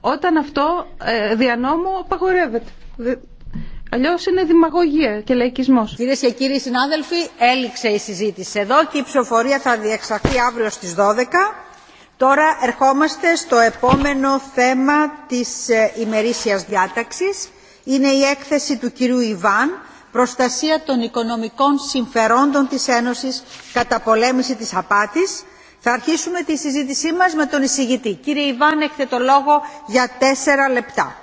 όταν αυτό ε, δια νόμου απαγορεύεται. Αλλιώ είναι δημαγωγία και λαϊκισμό. Κυρίε και κύριοι συνάδελφοι, έληξε η συζήτηση εδώ και η ψηφοφορία θα διεξαχθεί αύριο στι 12. Τώρα ερχόμαστε στο επόμενο θέμα της ε, ημερήσιας διάταξης. Είναι η έκθεση του κυρίου Ιβάν «Προστασία των οικονομικών συμφερόντων της Ένωσης κατά πολέμηση της απάτης» Θα αρχίσουμε τη συζήτησή μας με τον εισηγητή. Κύριε Ιβάν, έχετε το λόγο για τέσσερα λεπτά.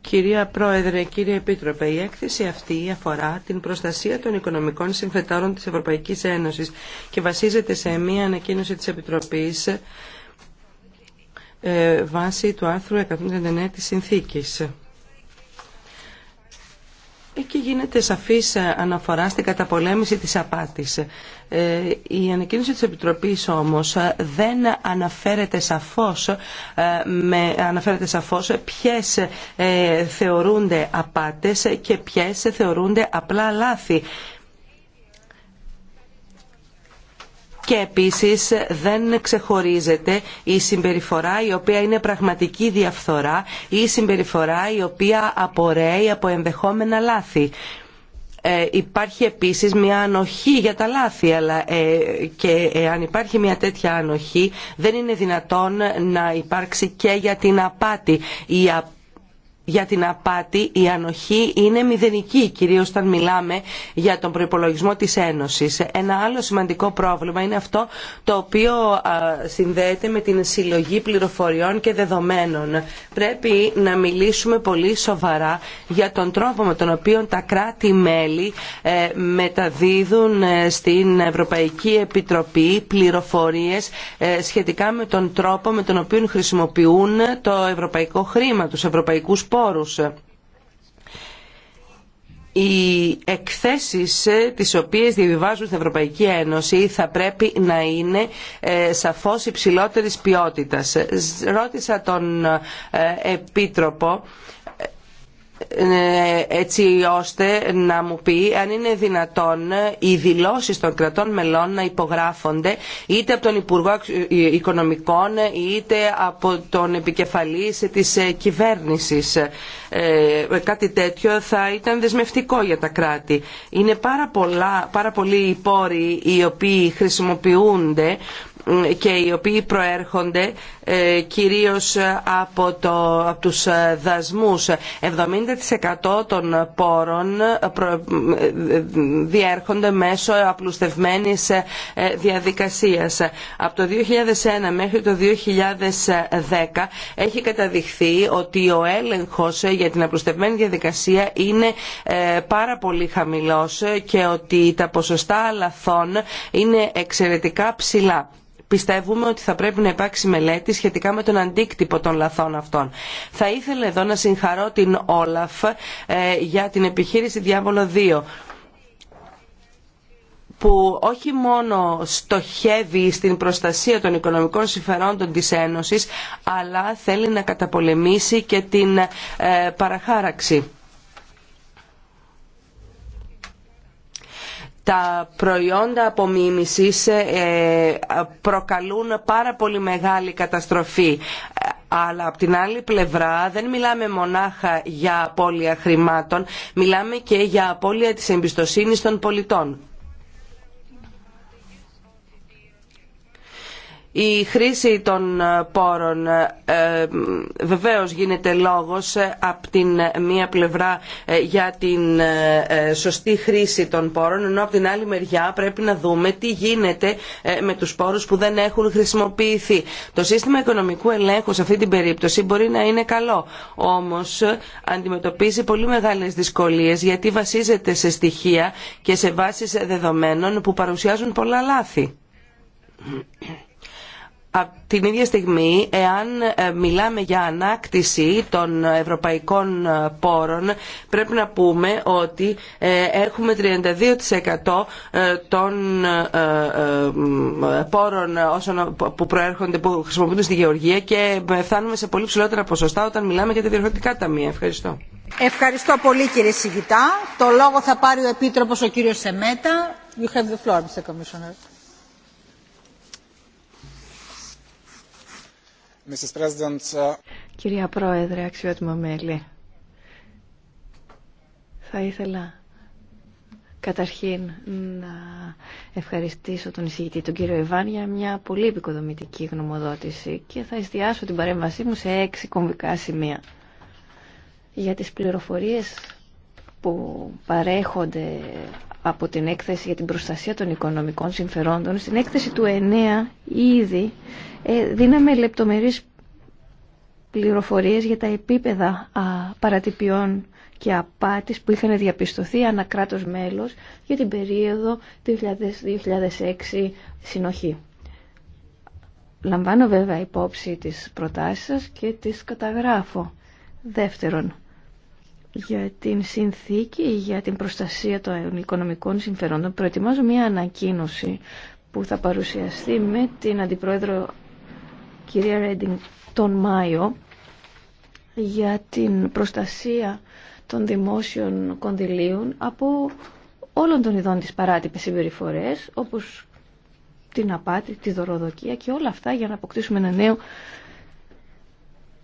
Κυρία Πρόεδρε, κύριε Επίτροπε, η έκθεση αυτή αφορά την προστασία των οικονομικών συμφετάρων της Ευρωπαϊκής Ένωσης και βασίζεται σε μια ανακοίνωση της Επιτροπής ε, βάσει του άρθρου 139 της Συνθήκης. Εκεί γίνεται σαφής αναφορά στην καταπολέμηση της απάτης. Ε, η ανακοίνωση της Επιτροπής όμως δεν αναφέρεται σαφώς, ε, με, αναφέρεται σαφώς ποιες θεωρούνται απάτες και ποιες θεωρούνται απλά λάθη. και επίσης δεν ξεχωρίζεται η συμπεριφορά η οποία είναι πραγματική διαφθορά ή η συμπεριφορά η οποία απορρέει από ενδεχόμενα λάθη. Ε, υπάρχει επίσης μια ανοχή για τα λάθη αλλά ε, και αν υπάρχει μια τέτοια ανοχή δεν είναι δυνατόν να υπάρξει και για την απάτη. Η απάτη για την απάτη η ανοχή είναι μηδενική, κυρίως όταν μιλάμε για τον προϋπολογισμό της Ένωσης. Ένα άλλο σημαντικό πρόβλημα είναι αυτό το οποίο συνδέεται με την συλλογή πληροφοριών και δεδομένων. Πρέπει να μιλήσουμε πολύ σοβαρά για τον τρόπο με τον οποίο τα κράτη-μέλη ε, μεταδίδουν ε, στην Ευρωπαϊκή Επιτροπή πληροφορίες ε, σχετικά με τον τρόπο με τον οποίο χρησιμοποιούν το ευρωπαϊκό χρήμα, τους ευρωπαϊκούς πόρους. Οι εκθέσεις ε, τις οποίες διαβιβάζουν στην Ευρωπαϊκή Ένωση θα πρέπει να είναι ε, σαφώς υψηλότερης ποιότητας. Ρώτησα τον ε, Επίτροπο ε, έτσι ώστε να μου πει αν είναι δυνατόν οι δηλώσεις των κρατών μελών να υπογράφονται είτε από τον Υπουργό ε, Οικονομικών είτε από τον επικεφαλής της ε, κυβέρνησης. Κάτι τέτοιο θα ήταν δεσμευτικό για τα κράτη. Είναι πάρα, πολλά, πάρα πολλοί οι πόροι οι οποίοι χρησιμοποιούνται και οι οποίοι προέρχονται ε, κυρίως από, το, από τους ε, δασμούς. 70% των πόρων ε, διέρχονται μέσω απλουστευμένης διαδικασίας. Από το 2001 μέχρι το 2010 έχει καταδειχθεί ότι ο έλεγχος για την απλουστευμένη διαδικασία είναι πάρα πολύ χαμηλός και ότι τα ποσοστά λαθών είναι εξαιρετικά ψηλά πιστεύουμε ότι θα πρέπει να υπάρξει μελέτη σχετικά με τον αντίκτυπο των λαθών αυτών. Θα ήθελα εδώ να συγχαρώ την Όλαφ ε, για την επιχείρηση Διάβολο 2 που όχι μόνο στοχεύει στην προστασία των οικονομικών συμφερόντων της Ένωσης, αλλά θέλει να καταπολεμήσει και την ε, παραχάραξη. τα προϊόντα απομίμησης ε, προκαλούν πάρα πολύ μεγάλη καταστροφή αλλά από την άλλη πλευρά δεν μιλάμε μονάχα για απώλεια χρημάτων μιλάμε και για απώλεια της εμπιστοσύνης των πολιτών. Η χρήση των πόρων ε, βεβαίως γίνεται λόγος ε, από την μία πλευρά ε, για την σωστή χρήση των πόρων ενώ από την άλλη μεριά πρέπει να δούμε τι γίνεται με τους πόρους που δεν έχουν χρησιμοποιηθεί. Το σύστημα οικονομικού ελέγχου σε αυτή την περίπτωση μπορεί να είναι καλό όμως αντιμετωπίζει πολύ μεγάλες δυσκολίες γιατί βασίζεται σε στοιχεία και σε βάσεις δεδομένων που παρουσιάζουν πολλά λάθη την ίδια στιγμή εάν ε, μιλάμε για ανάκτηση των ευρωπαϊκών ε, πόρων πρέπει να πούμε ότι ε, έχουμε 32% των πόρων που προέρχονται χρησιμοποιούνται στη γεωργία και φτάνουμε σε πολύ ψηλότερα ποσοστά όταν μιλάμε για τα διορθωτικά ταμεία. Ευχαριστώ. Ευχαριστώ πολύ κύριε Σιγητά. Το λόγο θα πάρει ο Επίτροπος ο κύριος Σεμέτα. You have the floor, Commissioner. Uh, Κυρία Πρόεδρε, αξιότιμα μέλη, θα ήθελα καταρχήν να ευχαριστήσω τον εισηγητή, τον κύριο Ιβάν, για μια πολύ επικοδομητική γνωμοδότηση και θα εστιάσω την παρέμβασή μου σε έξι κομβικά σημεία. Για τις πληροφορίες που παρέχονται από την έκθεση για την προστασία των οικονομικών συμφερόντων. Στην έκθεση του 9 ήδη ε, δίναμε λεπτομερείς πληροφορίες για τα επίπεδα παρατυπιών και απάτης που είχαν διαπιστωθεί ανά μέλος για την περίοδο 2006 συνοχή. Λαμβάνω βέβαια υπόψη τις προτάσεις σας και τις καταγράφω. Δεύτερον, για την συνθήκη για την προστασία των οικονομικών συμφερόντων προετοιμάζω μια ανακοίνωση που θα παρουσιαστεί με την Αντιπρόεδρο κυρία Ρέντινγκ τον Μάιο για την προστασία των δημόσιων κονδυλίων από όλων των ειδών της παράτυπες συμπεριφορές όπως την απάτη, τη δωροδοκία και όλα αυτά για να αποκτήσουμε ένα νέο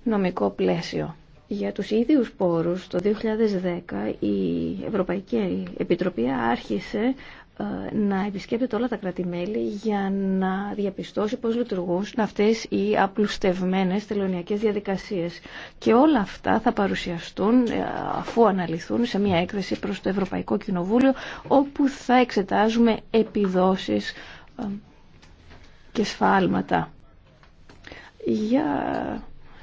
νομικό πλαίσιο. Για τους ίδιους πόρους, το 2010 η Ευρωπαϊκή Επιτροπή άρχισε ε, να επισκέπτεται όλα τα κρατημέλη για να διαπιστώσει πώς λειτουργούν αυτές οι απλουστευμένες τελωνιακές διαδικασίες. Και όλα αυτά θα παρουσιαστούν ε, αφού αναλυθούν σε μια έκθεση προς το Ευρωπαϊκό Κοινοβούλιο όπου θα εξετάζουμε επιδόσεις ε, και σφάλματα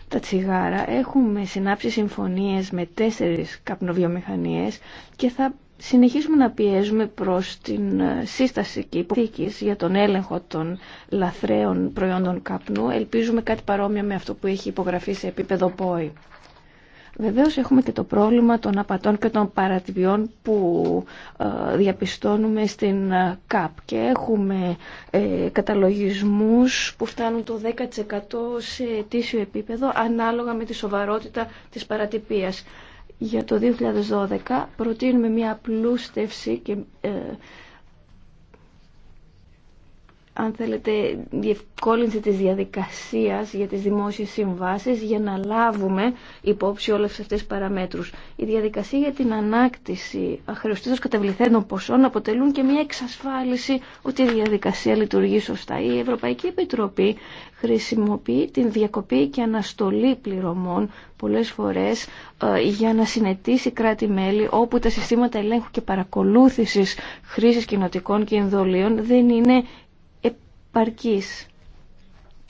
τα τσιγάρα έχουμε συνάψει συμφωνίες με τέσσερις καπνοβιομηχανίες και θα συνεχίσουμε να πιέζουμε προς την ε, σύσταση και υποθήκης για τον έλεγχο των λαθρέων προϊόντων καπνού. Ελπίζουμε κάτι παρόμοιο με αυτό που έχει υπογραφεί σε επίπεδο ΠΟΗ. Βεβαίως έχουμε και το πρόβλημα των απατών και των παρατυπιών που ε, διαπιστώνουμε στην ε, ΚΑΠ και έχουμε ε, καταλογισμούς που φτάνουν το 10% σε αιτήσιο επίπεδο ανάλογα με τη σοβαρότητα της παρατυπίας. Για το 2012 προτείνουμε μια απλούστευση και αν θέλετε, διευκόλυνση της διαδικασίας για τις δημόσιες συμβάσεις για να λάβουμε υπόψη όλες αυτές τις παραμέτρους. Η διαδικασία για την ανάκτηση αχρεωστήτως καταβληθέντων ποσών αποτελούν και μια εξασφάλιση ότι η διαδικασία λειτουργεί σωστά. Η Ευρωπαϊκή Επιτροπή χρησιμοποιεί την διακοπή και αναστολή πληρωμών πολλές φορές ε, για να συνετίσει κράτη-μέλη όπου τα συστήματα ελέγχου και παρακολούθησης χρήσης κοινοτικών και ενδολίων δεν είναι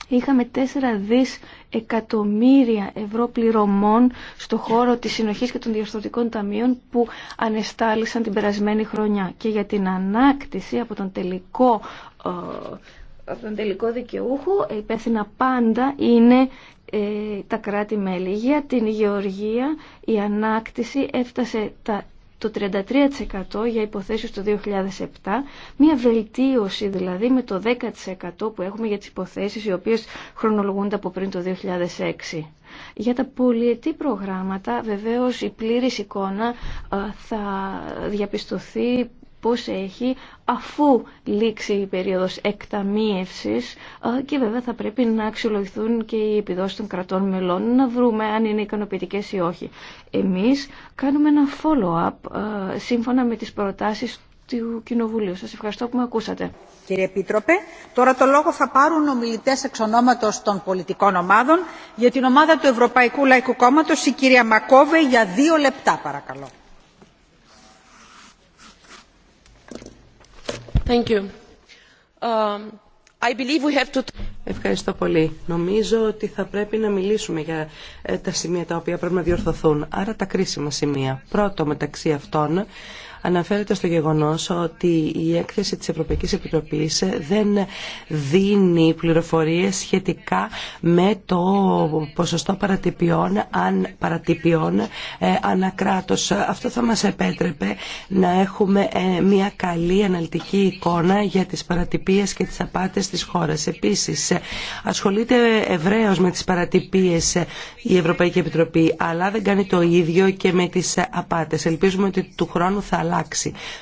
Είχαμε 4 δις εκατομμύρια ευρώ πληρωμών στο χώρο της συνοχής και των διορθωτικών ταμείων που ανεστάλησαν την περασμένη χρονιά. Και για την ανάκτηση από τον τελικό, ε, από τον τελικό δικαιούχο υπεύθυνα πάντα είναι ε, τα κράτη-μέλη. Για την Γεωργία η ανάκτηση έφτασε τα το 33% για υποθέσεις το 2007, μια βελτίωση δηλαδή με το 10% που έχουμε για τις υποθέσεις οι οποίες χρονολογούνται από πριν το 2006. Για τα πολυετή προγράμματα βεβαίως η πλήρης εικόνα ε, θα διαπιστωθεί πώς έχει αφού λήξει η περίοδος εκταμίευσης ε, και βέβαια θα πρέπει να αξιολογηθούν και οι επιδόσεις των κρατών μελών να βρούμε αν είναι ικανοποιητικέ ή όχι. Εμείς κάνουμε ένα follow-up ε, σύμφωνα με τις προτάσεις του Κοινοβουλίου. Σας ευχαριστώ που με ακούσατε. Κύριε Επίτροπε, τώρα το λόγο θα πάρουν ομιλητέ εξ ονόματος των πολιτικών ομάδων για την ομάδα του Ευρωπαϊκού Λαϊκού Κόμματος η κυρία Μακόβε για δύο λεπτά παρακαλώ. Um, Ευχαριστώ πολύ. Νομίζω ότι θα πρέπει να μιλήσουμε για ε, τα σημεία τα οποία πρέπει να διορθωθούν. Άρα τα κρίσιμα σημεία. Πρώτο μεταξύ αυτών αναφέρεται στο γεγονός ότι η έκθεση της Ευρωπαϊκής Επιτροπής δεν δίνει πληροφορίες σχετικά με το ποσοστό παρατυπιών, αν παρατυπιών ε, ανακράτος. Αυτό θα μας επέτρεπε να έχουμε ε, μια καλή αναλυτική εικόνα για τις παρατυπίες και τις απάτες της χώρας. Επίσης, ε, ασχολείται ευρέως με τις παρατυπίες η Ευρωπαϊκή Επιτροπή, αλλά δεν κάνει το ίδιο και με τις απάτες. Ελπίζουμε ότι του χρόνου θα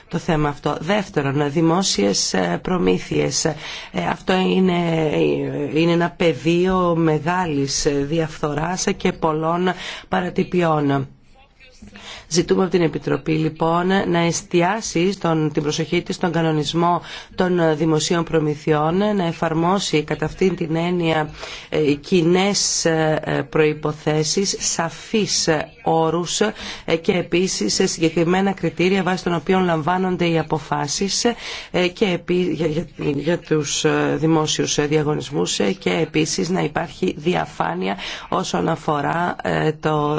το θέμα αυτό. Δεύτερον, δημόσιες ε, προμήθειες. Ε, αυτό είναι, είναι ένα πεδίο μεγάλης ε, διαφθοράς και πολλών παρατυπιών Ζητούμε από την Επιτροπή λοιπόν να εστιάσει στον, την προσοχή της στον κανονισμό των δημοσίων προμηθειών, να εφαρμόσει κατά αυτήν την έννοια ε, κοινέ ε, προϋποθέσεις, σαφείς ε, όρους και επίσης συγκεκριμένα κριτήρια βάσει των οποίων λαμβάνονται οι αποφάσεις και για τους δημόσιους διαγωνισμούς και επίσης να υπάρχει διαφάνεια όσον αφορά το,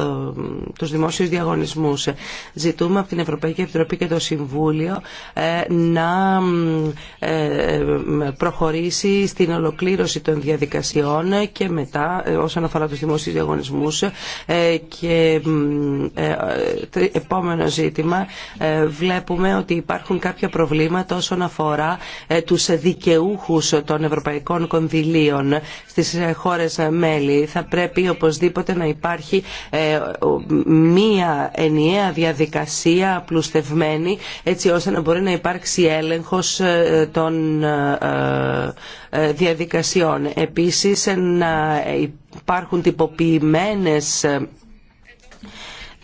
τους δημόσιους διαγωνισμούς. Ζητούμε από την Ευρωπαϊκή Επιτροπή και το Συμβούλιο ε, να ε, ε, προχωρήσει στην ολοκλήρωση των διαδικασιών και μετά όσον αφορά τους δημόσιους διαγωνισμούς και επόμενο ζήτημα βλέπουμε ότι υπάρχουν κάποια προβλήματα όσον αφορά τους δικαιούχους των ευρωπαϊκών κονδυλίων στις χώρες μέλη. Θα πρέπει οπωσδήποτε να υπάρχει μία ενιαία ενιαία διαδικασία απλουστευμένη έτσι ώστε να μπορεί να υπάρξει έλεγχος ε, των ε, ε, διαδικασιών. Επίσης να υπάρχουν τυποποιημένες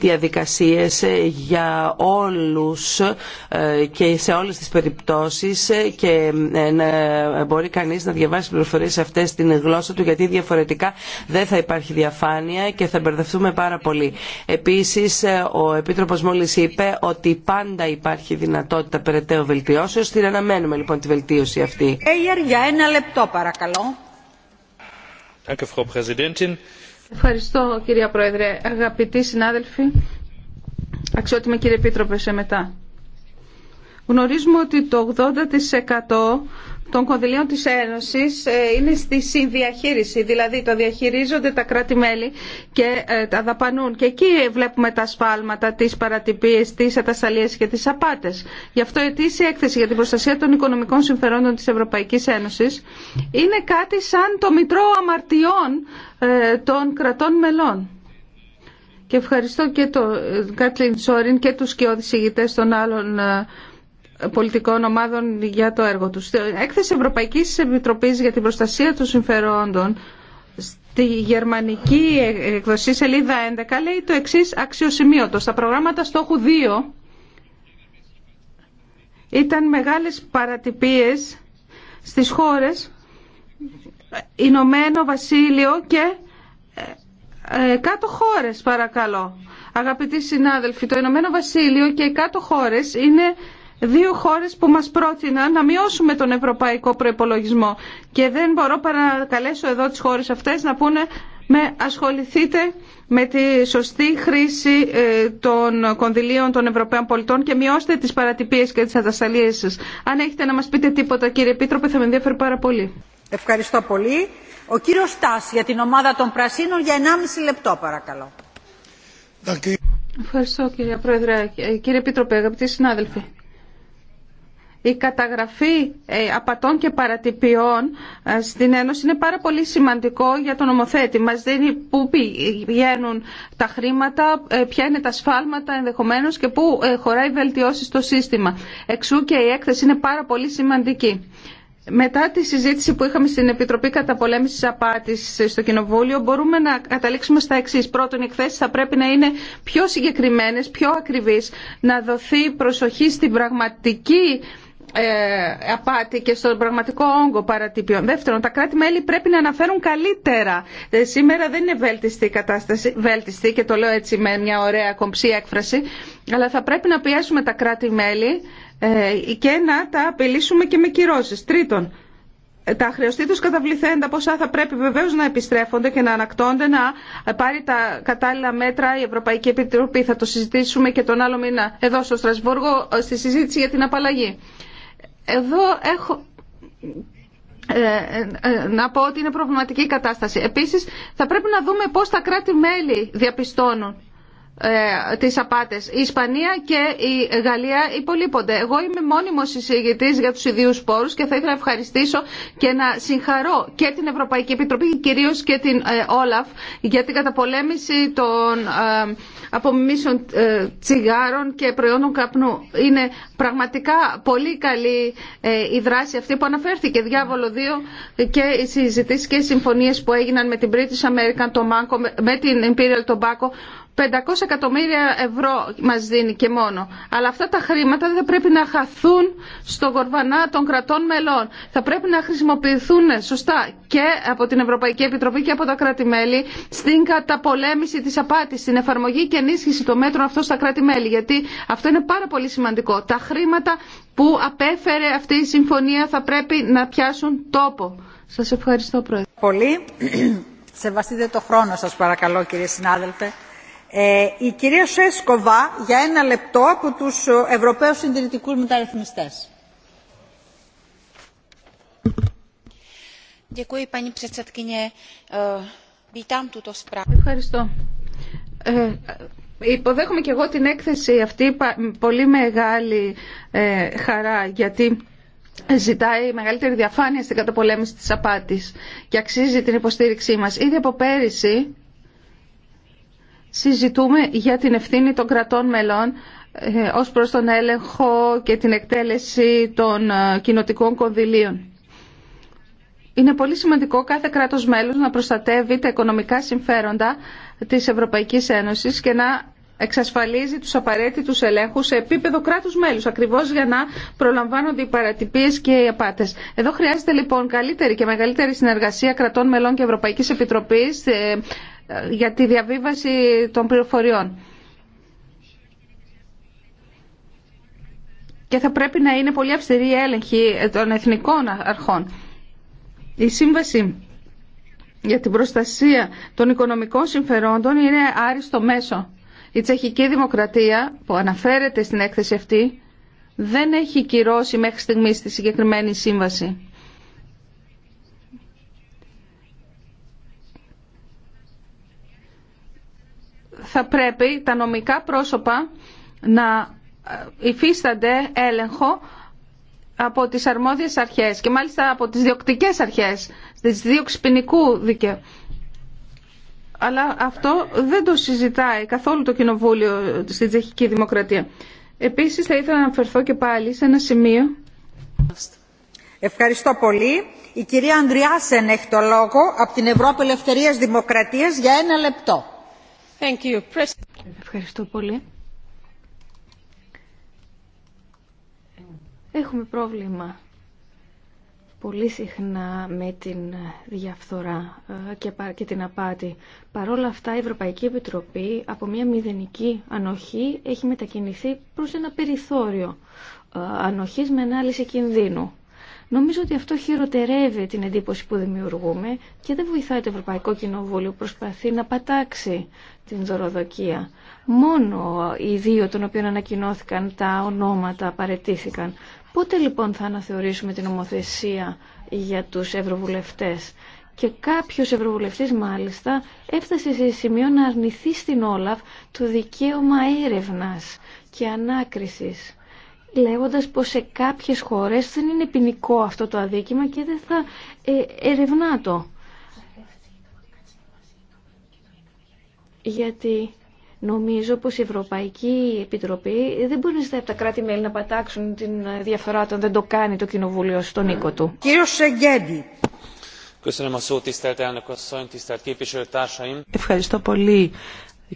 διαδικασίες ε, για όλους ε, και σε όλες τις περιπτώσεις ε, και μπορεί κανείς να διαβάσει πληροφορίες αυτές στην γλώσσα του γιατί διαφορετικά δεν θα υπάρχει διαφάνεια και θα μπερδευτούμε πάρα πολύ. Επίσης ο Επίτροπος μόλις είπε ότι πάντα υπάρχει δυνατότητα περαιτέρω βελτιώσεως. Την αναμένουμε λοιπόν τη βελτίωση αυτή. για ένα λεπτό παρακαλώ. Ευχαριστώ κυρία Πρόεδρε. Αγαπητοί συνάδελφοι, αξιότιμη κύριε Επίτροπε, σε μετά. Γνωρίζουμε ότι το 80% των κονδυλίων της Ένωσης ε, είναι στη συνδιαχείριση, δηλαδή το διαχειρίζονται τα κράτη-μέλη και ε, τα δαπανούν. Και εκεί βλέπουμε τα σφάλματα, τις παρατυπίες, τις ατασταλίες και τις απάτες. Γι' αυτό η αιτήσια έκθεση για την προστασία των οικονομικών συμφερόντων της Ευρωπαϊκής Ένωσης είναι κάτι σαν το μητρό αμαρτιών ε, των κρατών μελών. Και ευχαριστώ και τον Κατλίν Σόριν και τους και ηγητές των άλλων πολιτικών ομάδων για το έργο τους. Έκθεση Ευρωπαϊκής Επιτροπής για την Προστασία των Συμφερόντων Στη γερμανική εκδοσή σελίδα 11 λέει το εξής αξιοσημείωτο. Στα προγράμματα στόχου 2 ήταν μεγάλες παρατυπίες στις χώρες Ηνωμένο Βασίλειο και ε, ε, κάτω χώρες παρακαλώ. Αγαπητοί συνάδελφοι, το Ηνωμένο Βασίλειο και οι κάτω χώρες είναι δύο χώρες που μας πρότειναν να μειώσουμε τον ευρωπαϊκό προϋπολογισμό και δεν μπορώ παρά να καλέσω εδώ τις χώρες αυτές να πούνε με ασχοληθείτε με τη σωστή χρήση ε, των κονδυλίων των Ευρωπαίων πολιτών και μειώστε τις παρατυπίες και τις ατασταλίες σας. Αν έχετε να μας πείτε τίποτα κύριε Επίτροπε θα με ενδιαφέρει πάρα πολύ. Ευχαριστώ πολύ. Ο κύριος Στάς για την ομάδα των Πρασίνων για 1,5 λεπτό παρακαλώ. Ευχαριστώ κύριε Πρόεδρε. Ε, κύριε Επίτροπε, αγαπητοί συνάδελφοι η καταγραφή ε, απατών και παρατυπιών ε, στην Ένωση είναι πάρα πολύ σημαντικό για τον νομοθέτη. Μας δίνει πού πηγαίνουν τα χρήματα, ε, ποια είναι τα σφάλματα ενδεχομένως και πού χωράει βελτιώσει στο σύστημα. Εξού και η έκθεση είναι πάρα πολύ σημαντική. Μετά τη συζήτηση που είχαμε στην Επιτροπή Καταπολέμησης Απάτη στο Κοινοβούλιο μπορούμε να καταλήξουμε στα εξή. Πρώτον, οι εκθέσει θα πρέπει να είναι πιο συγκεκριμένε, πιο ακριβείς, να δοθεί προσοχή στην πραγματική ε, απάτη και στον πραγματικό όγκο παρατυπιών. Δεύτερον, τα κράτη-μέλη πρέπει να αναφέρουν καλύτερα. Ε, σήμερα δεν είναι βέλτιστη η κατάσταση, βέλτιστη και το λέω έτσι με μια ωραία κομψή έκφραση, αλλά θα πρέπει να πιέσουμε τα κράτη-μέλη ε, και να τα απειλήσουμε και με κυρώσεις. Τρίτον, τα χρεωστή τους καταβληθέντα ποσά θα πρέπει βεβαίως να επιστρέφονται και να ανακτώνται να πάρει τα κατάλληλα μέτρα η Ευρωπαϊκή Επιτροπή. Θα το συζητήσουμε και τον άλλο μήνα εδώ στο Στρασβούργο στη συζήτηση για την απαλλαγή. Εδώ έχω ε, ε, ε, να πω ότι είναι προβληματική η κατάσταση. Επίσης, θα πρέπει να δούμε πώς τα κράτη-μέλη διαπιστώνουν ε, τις απάτες. Η Ισπανία και η Γαλλία υπολείπονται. Εγώ είμαι μόνιμος συζητητής για τους ιδίους πόρους και θα ήθελα να ευχαριστήσω και να συγχαρώ και την Ευρωπαϊκή Επιτροπή και κυρίως και την ε, Όλαφ για την καταπολέμηση των ε, απομιμήσεων τσιγάρων και προϊόντων καπνού. Είναι πραγματικά πολύ καλή η δράση αυτή που αναφέρθηκε διάβολο 2 και οι συζητήσεις και οι συμφωνίες που έγιναν με την British American Tobacco, με την Imperial Tobacco 500 εκατομμύρια ευρώ μας δίνει και μόνο. Αλλά αυτά τα χρήματα δεν θα πρέπει να χαθούν στο γορβανά των κρατών μελών. Θα πρέπει να χρησιμοποιηθούν σωστά και από την Ευρωπαϊκή Επιτροπή και από τα κράτη-μέλη στην καταπολέμηση της απάτης, στην εφαρμογή και ενίσχυση των μέτρων αυτών στα κράτη-μέλη. Γιατί αυτό είναι πάρα πολύ σημαντικό. Τα χρήματα που απέφερε αυτή η συμφωνία θα πρέπει να πιάσουν τόπο. Σας ευχαριστώ, Πρόεδρε. Πολύ. Σεβαστείτε το χρόνο σας παρακαλώ κύριε συνάδελφε. Ε, η κυρία Σέσκοβα για ένα λεπτό από τους ε, Ευρωπαίους Συντηρητικούς Μεταρρυθμιστές. Eh, Ευχαριστώ. Ε, υποδέχομαι και εγώ την έκθεση αυτή πολύ μεγάλη χαρά γιατί ζητάει μεγαλύτερη διαφάνεια στην καταπολέμηση της απάτης και αξίζει την υποστήριξή μας. Ήδη από πέρυσι συζητούμε για την ευθύνη των κρατών μελών ε, ως προς τον έλεγχο και την εκτέλεση των ε, κοινοτικών κονδυλίων. Είναι πολύ σημαντικό κάθε κράτος μέλος να προστατεύει τα οικονομικά συμφέροντα της Ευρωπαϊκής Ένωσης και να εξασφαλίζει τους απαραίτητους ελέγχους σε επίπεδο κράτους μέλους, ακριβώς για να προλαμβάνονται οι παρατυπίες και οι απάτες. Εδώ χρειάζεται λοιπόν καλύτερη και μεγαλύτερη συνεργασία κρατών μελών και Ευρωπαϊκής Επιτροπής ε, ε, για τη διαβίβαση των πληροφοριών. Και θα πρέπει να είναι πολύ αυστηρή η έλεγχη των εθνικών αρχών. Η σύμβαση για την προστασία των οικονομικών συμφερόντων είναι άριστο μέσο. Η τσεχική δημοκρατία που αναφέρεται στην έκθεση αυτή δεν έχει κυρώσει μέχρι στιγμή τη συγκεκριμένη σύμβαση. θα πρέπει τα νομικά πρόσωπα να υφίστανται έλεγχο από τις αρμόδιες αρχές και μάλιστα από τις διοκτικές αρχές, της δίωξη ποινικού δικαίου. Αλλά αυτό δεν το συζητάει καθόλου το Κοινοβούλιο στην Τσεχική Δημοκρατία. Επίσης θα ήθελα να αναφερθώ και πάλι σε ένα σημείο. Ευχαριστώ πολύ. Η κυρία Ανδριάσεν έχει το λόγο από την Ευρώπη Ελευθερίας Δημοκρατίας για ένα λεπτό. Ευχαριστώ πολύ. Έχουμε πρόβλημα πολύ συχνά με την διαφθορά ε, και την απάτη. όλα αυτά η Ευρωπαϊκή Επιτροπή από μια μηδενική ανοχή έχει μετακινηθεί προς ένα περιθώριο ε, ανοχής με ανάλυση κινδύνου. Νομίζω ότι αυτό χειροτερεύει την εντύπωση που δημιουργούμε και δεν βοηθάει το Ευρωπαϊκό Κοινοβούλιο που προσπαθεί να πατάξει την δωροδοκία. Μόνο οι δύο των οποίων ανακοινώθηκαν τα ονόματα παρετήθηκαν. Πότε λοιπόν θα αναθεωρήσουμε την ομοθεσία για τους ευρωβουλευτές. Και κάποιος ευρωβουλευτής μάλιστα έφτασε σε σημείο να αρνηθεί στην Όλαφ το δικαίωμα έρευνας και ανάκρισης λέγοντας πως σε κάποιες χώρες δεν είναι ποινικό αυτό το αδίκημα και δεν θα ε, ερευνά το. Γιατί νομίζω πως η Ευρωπαϊκή Επιτροπή δεν μπορεί να ζητάει από τα κράτη-μέλη να πατάξουν την διαφορά όταν δεν το κάνει το Κοινοβούλιο στον οίκο του. Ευχαριστώ πολύ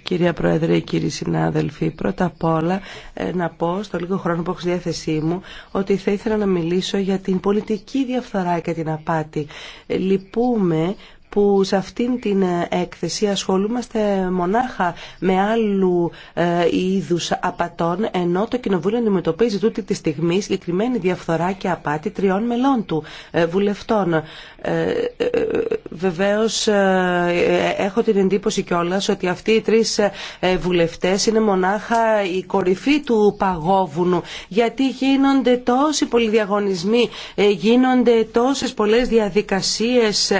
Κυρία Πρόεδρε, κύριοι συνάδελφοι, πρώτα απ' όλα ε, να πω στο λίγο χρόνο που έχω στη διάθεσή μου ότι θα ήθελα να μιλήσω για την πολιτική διαφθορά και την απάτη. Ε, λυπούμε που σε αυτήν την ε, έκθεση ασχολούμαστε μονάχα με άλλου ε, είδους απατών, ενώ το Κοινοβούλιο αντιμετωπίζει τούτη τη στιγμή συγκεκριμένη διαφθορά και απάτη τριών μελών του ε, βουλευτών. Βεβαίως έχω την εντύπωση κιόλας ότι αυτοί οι τρεις βουλευτές είναι μονάχα η κορυφή του παγόβουνου, γιατί γίνονται τόσοι πολλοί διαγωνισμοί, γίνονται τόσες πολλές διαδικασίες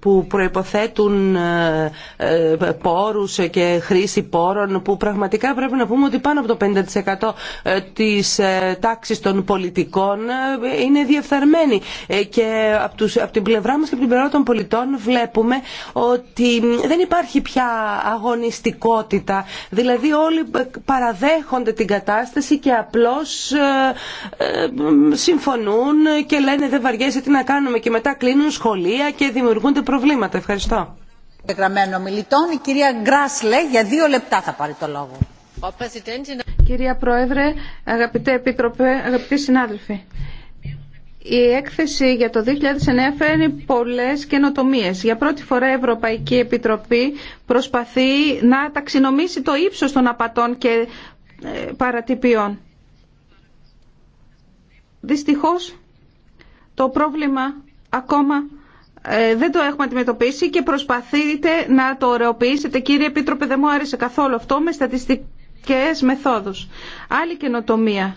που προϋποθέτουν ε, ε, πόρους και χρήση πόρων που πραγματικά πρέπει να πούμε ότι πάνω από το 50% ε, της τάξης των πολιτικών είναι διεφθαρμένη και από, την πλευρά μας και από την πλευρά των πολιτών βλέπουμε ότι δεν υπάρχει πια αγωνιστικότητα δηλαδή όλοι παραδέχονται την κατάσταση και απλώς συμφωνούν και λένε δεν βαριέσαι τι να κάνουμε και μετά κλείνουν σχολεία και δημιουργούνται προβλήματα. Ευχαριστώ. Μιλητών, η κυρία Γκράσλε για δύο λεπτά θα πάρει το λόγο. Κυρία Πρόεδρε, αγαπητέ Επίτροπε, αγαπητοί συνάδελφοι. Η έκθεση για το 2009 φέρνει πολλές καινοτομίε. Για πρώτη φορά η Ευρωπαϊκή Επιτροπή προσπαθεί να ταξινομήσει το ύψος των απατών και ε, παρατυπιών. Δυστυχώς το πρόβλημα ακόμα ε, δεν το έχουμε αντιμετωπίσει και προσπαθείτε να το ωρεοποιήσετε. Κύριε Επίτροπε, δεν μου άρεσε καθόλου αυτό με στατιστικές μεθόδους. Άλλη καινοτομία.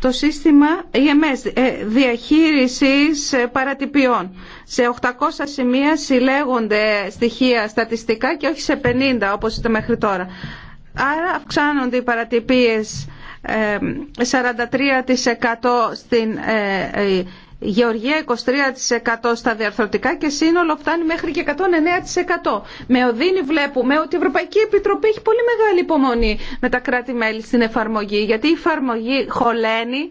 Το σύστημα EMS, ε, διαχείρισης ε, παρατυπιών. Σε 800 σημεία συλλέγονται στοιχεία στατιστικά και όχι σε 50 όπως ήταν μέχρι τώρα. Άρα αυξάνονται οι παρατυπίες 43% στην Γεωργία 23% στα διαρθρωτικά και σύνολο φτάνει μέχρι και 109%. Με οδύνη βλέπουμε ότι η Ευρωπαϊκή Επιτροπή έχει πολύ μεγάλη υπομονή με τα κράτη-μέλη στην εφαρμογή, γιατί η εφαρμογή χωλαίνει,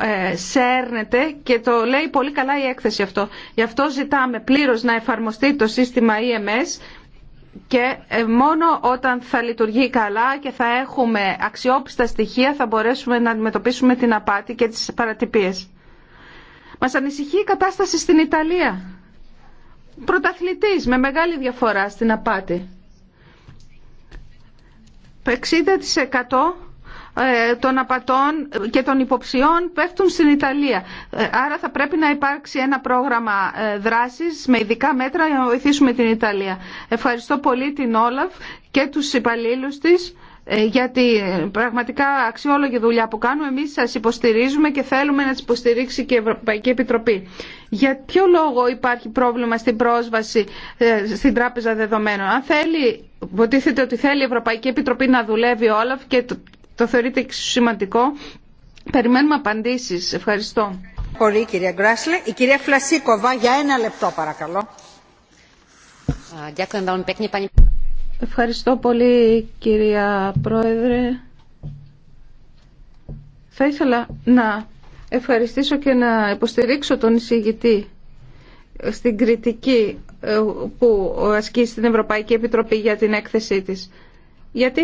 ε, σέρνεται και το λέει πολύ καλά η έκθεση αυτό. Γι' αυτό ζητάμε πλήρως να εφαρμοστεί το σύστημα EMS και ε, μόνο όταν θα λειτουργεί καλά και θα έχουμε αξιόπιστα στοιχεία θα μπορέσουμε να αντιμετωπίσουμε την απάτη και τις παρατυπίες. Μας ανησυχεί η κατάσταση στην Ιταλία. Πρωταθλητής με μεγάλη διαφορά στην απάτη. 60% ε, των απατών και των υποψιών πέφτουν στην Ιταλία. Ε, άρα θα πρέπει να υπάρξει ένα πρόγραμμα ε, δράσης με ειδικά μέτρα για να βοηθήσουμε την Ιταλία. Ευχαριστώ πολύ την Όλαφ και τους υπαλλήλους της ε, γιατί ε, πραγματικά αξιόλογη δουλειά που κάνουμε. Εμείς σας υποστηρίζουμε και θέλουμε να τις υποστηρίξει και η Ευρωπαϊκή Επιτροπή. Για ποιο λόγο υπάρχει πρόβλημα στην πρόσβαση ε, στην Τράπεζα Δεδομένων. Αν θέλει, υποτίθεται ότι θέλει η Ευρωπαϊκή Επιτροπή να δουλεύει όλα και το, θεωρείτε θεωρείται σημαντικό. Περιμένουμε απαντήσεις. Ευχαριστώ. κυρία Η κυρία Φλασίκοβα για ένα λεπτό παρακαλώ. Ευχαριστώ πολύ κυρία Πρόεδρε. Θα ήθελα να ευχαριστήσω και να υποστηρίξω τον εισηγητή στην κριτική ε, που ασκεί στην Ευρωπαϊκή Επιτροπή για την έκθεσή της. Γιατί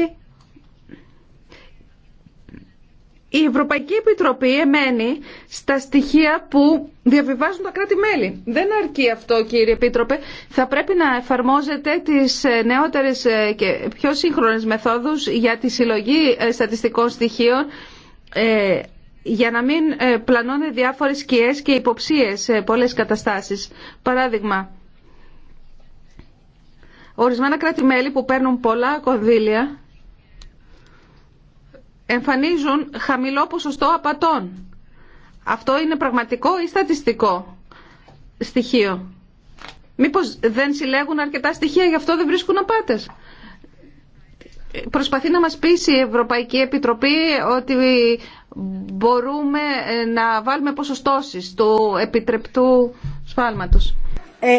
η Ευρωπαϊκή Επιτροπή εμένει στα στοιχεία που διαβιβάζουν τα κράτη-μέλη. Δεν αρκεί αυτό, κύριε Επίτροπε. Θα πρέπει να εφαρμόζεται τις ε, νεότερες ε, και πιο σύγχρονες μεθόδους για τη συλλογή ε, στατιστικών στοιχείων για να μην πλανώνει διάφορες σκιές και υποψίες σε πολλές καταστάσεις. Παράδειγμα, ορισμένα κράτη-μέλη που παίρνουν πολλά κονδύλια εμφανίζουν χαμηλό ποσοστό απατών. Αυτό είναι πραγματικό ή στατιστικό στοιχείο. Μήπως δεν συλλέγουν αρκετά στοιχεία, γι' αυτό δεν βρίσκουν απάτες. Προσπαθεί να μας πείσει η Ευρωπαϊκή Επιτροπή ότι μπορούμε ε, να βάλουμε ποσοστώσεις του επιτρεπτού σφάλματος. Ε,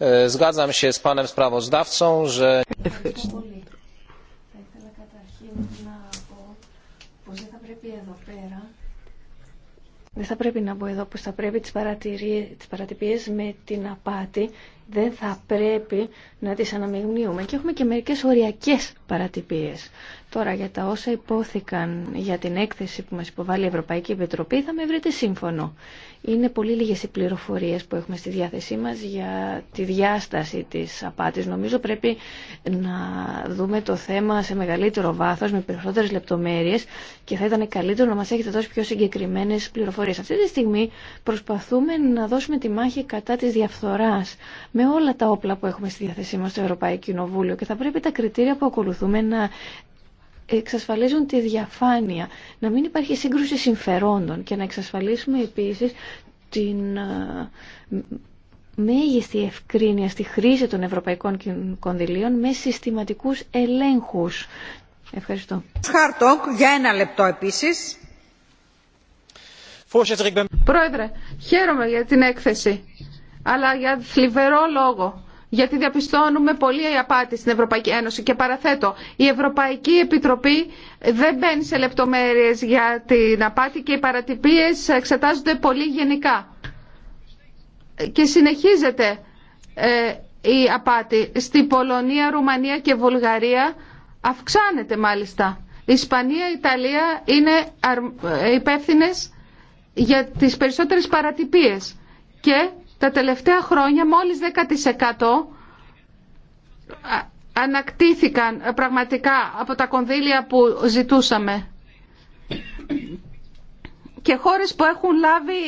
E, zgadzam się z panem sprawozdawcą, że... Θα ήθελα να πω δεν θα πρέπει εδώ πέρα δεν θα πρέπει να πω εδώ πως θα πρέπει τις, τις παρατυπίες με την απάτη δεν θα πρέπει να τις αναμειγνύουμε. Και έχουμε και μερικές οριακές παρατυπίες. Τώρα για τα όσα υπόθηκαν για την έκθεση που μας υποβάλλει η Ευρωπαϊκή Επιτροπή θα με βρείτε σύμφωνο. Είναι πολύ λίγες οι πληροφορίες που έχουμε στη διάθεσή μας για τη διάσταση της απάτης. Νομίζω πρέπει να δούμε το θέμα σε μεγαλύτερο βάθος, με περισσότερες λεπτομέρειες και θα ήταν καλύτερο να μας έχετε δώσει πιο συγκεκριμένες πληροφορίες. Αυτή τη στιγμή προσπαθούμε να δώσουμε τη μάχη κατά της διαφθοράς με όλα τα όπλα που έχουμε στη διάθεσή μας στο Ευρωπαϊκό Κοινοβούλιο και θα πρέπει τα κριτήρια που ακολουθούμε να εξασφαλίζουν τη διαφάνεια, να μην υπάρχει σύγκρουση συμφερόντων και να εξασφαλίσουμε επίσης την ε, μέγιστη ευκρίνεια στη χρήση των ευρωπαϊκών κονδυλίων με συστηματικούς ελέγχους. Ευχαριστώ. για ένα λεπτό επίσης. Πρόεδρε, χαίρομαι για την έκθεση, αλλά για θλιβερό λόγο γιατί διαπιστώνουμε η απάτη στην Ευρωπαϊκή Ένωση και παραθέτω, η Ευρωπαϊκή Επιτροπή δεν μπαίνει σε λεπτομέρειες για την απάτη και οι παρατυπίες εξετάζονται πολύ γενικά. Και συνεχίζεται ε, η απάτη. Στη Πολωνία, Ρουμανία και Βουλγαρία αυξάνεται μάλιστα. Η Ισπανία, η Ιταλία είναι ε, υπεύθυνε για τις περισσότερες παρατυπίες και τα τελευταία χρόνια μόλις 10% ανακτήθηκαν πραγματικά από τα κονδύλια που ζητούσαμε και χώρες που έχουν λάβει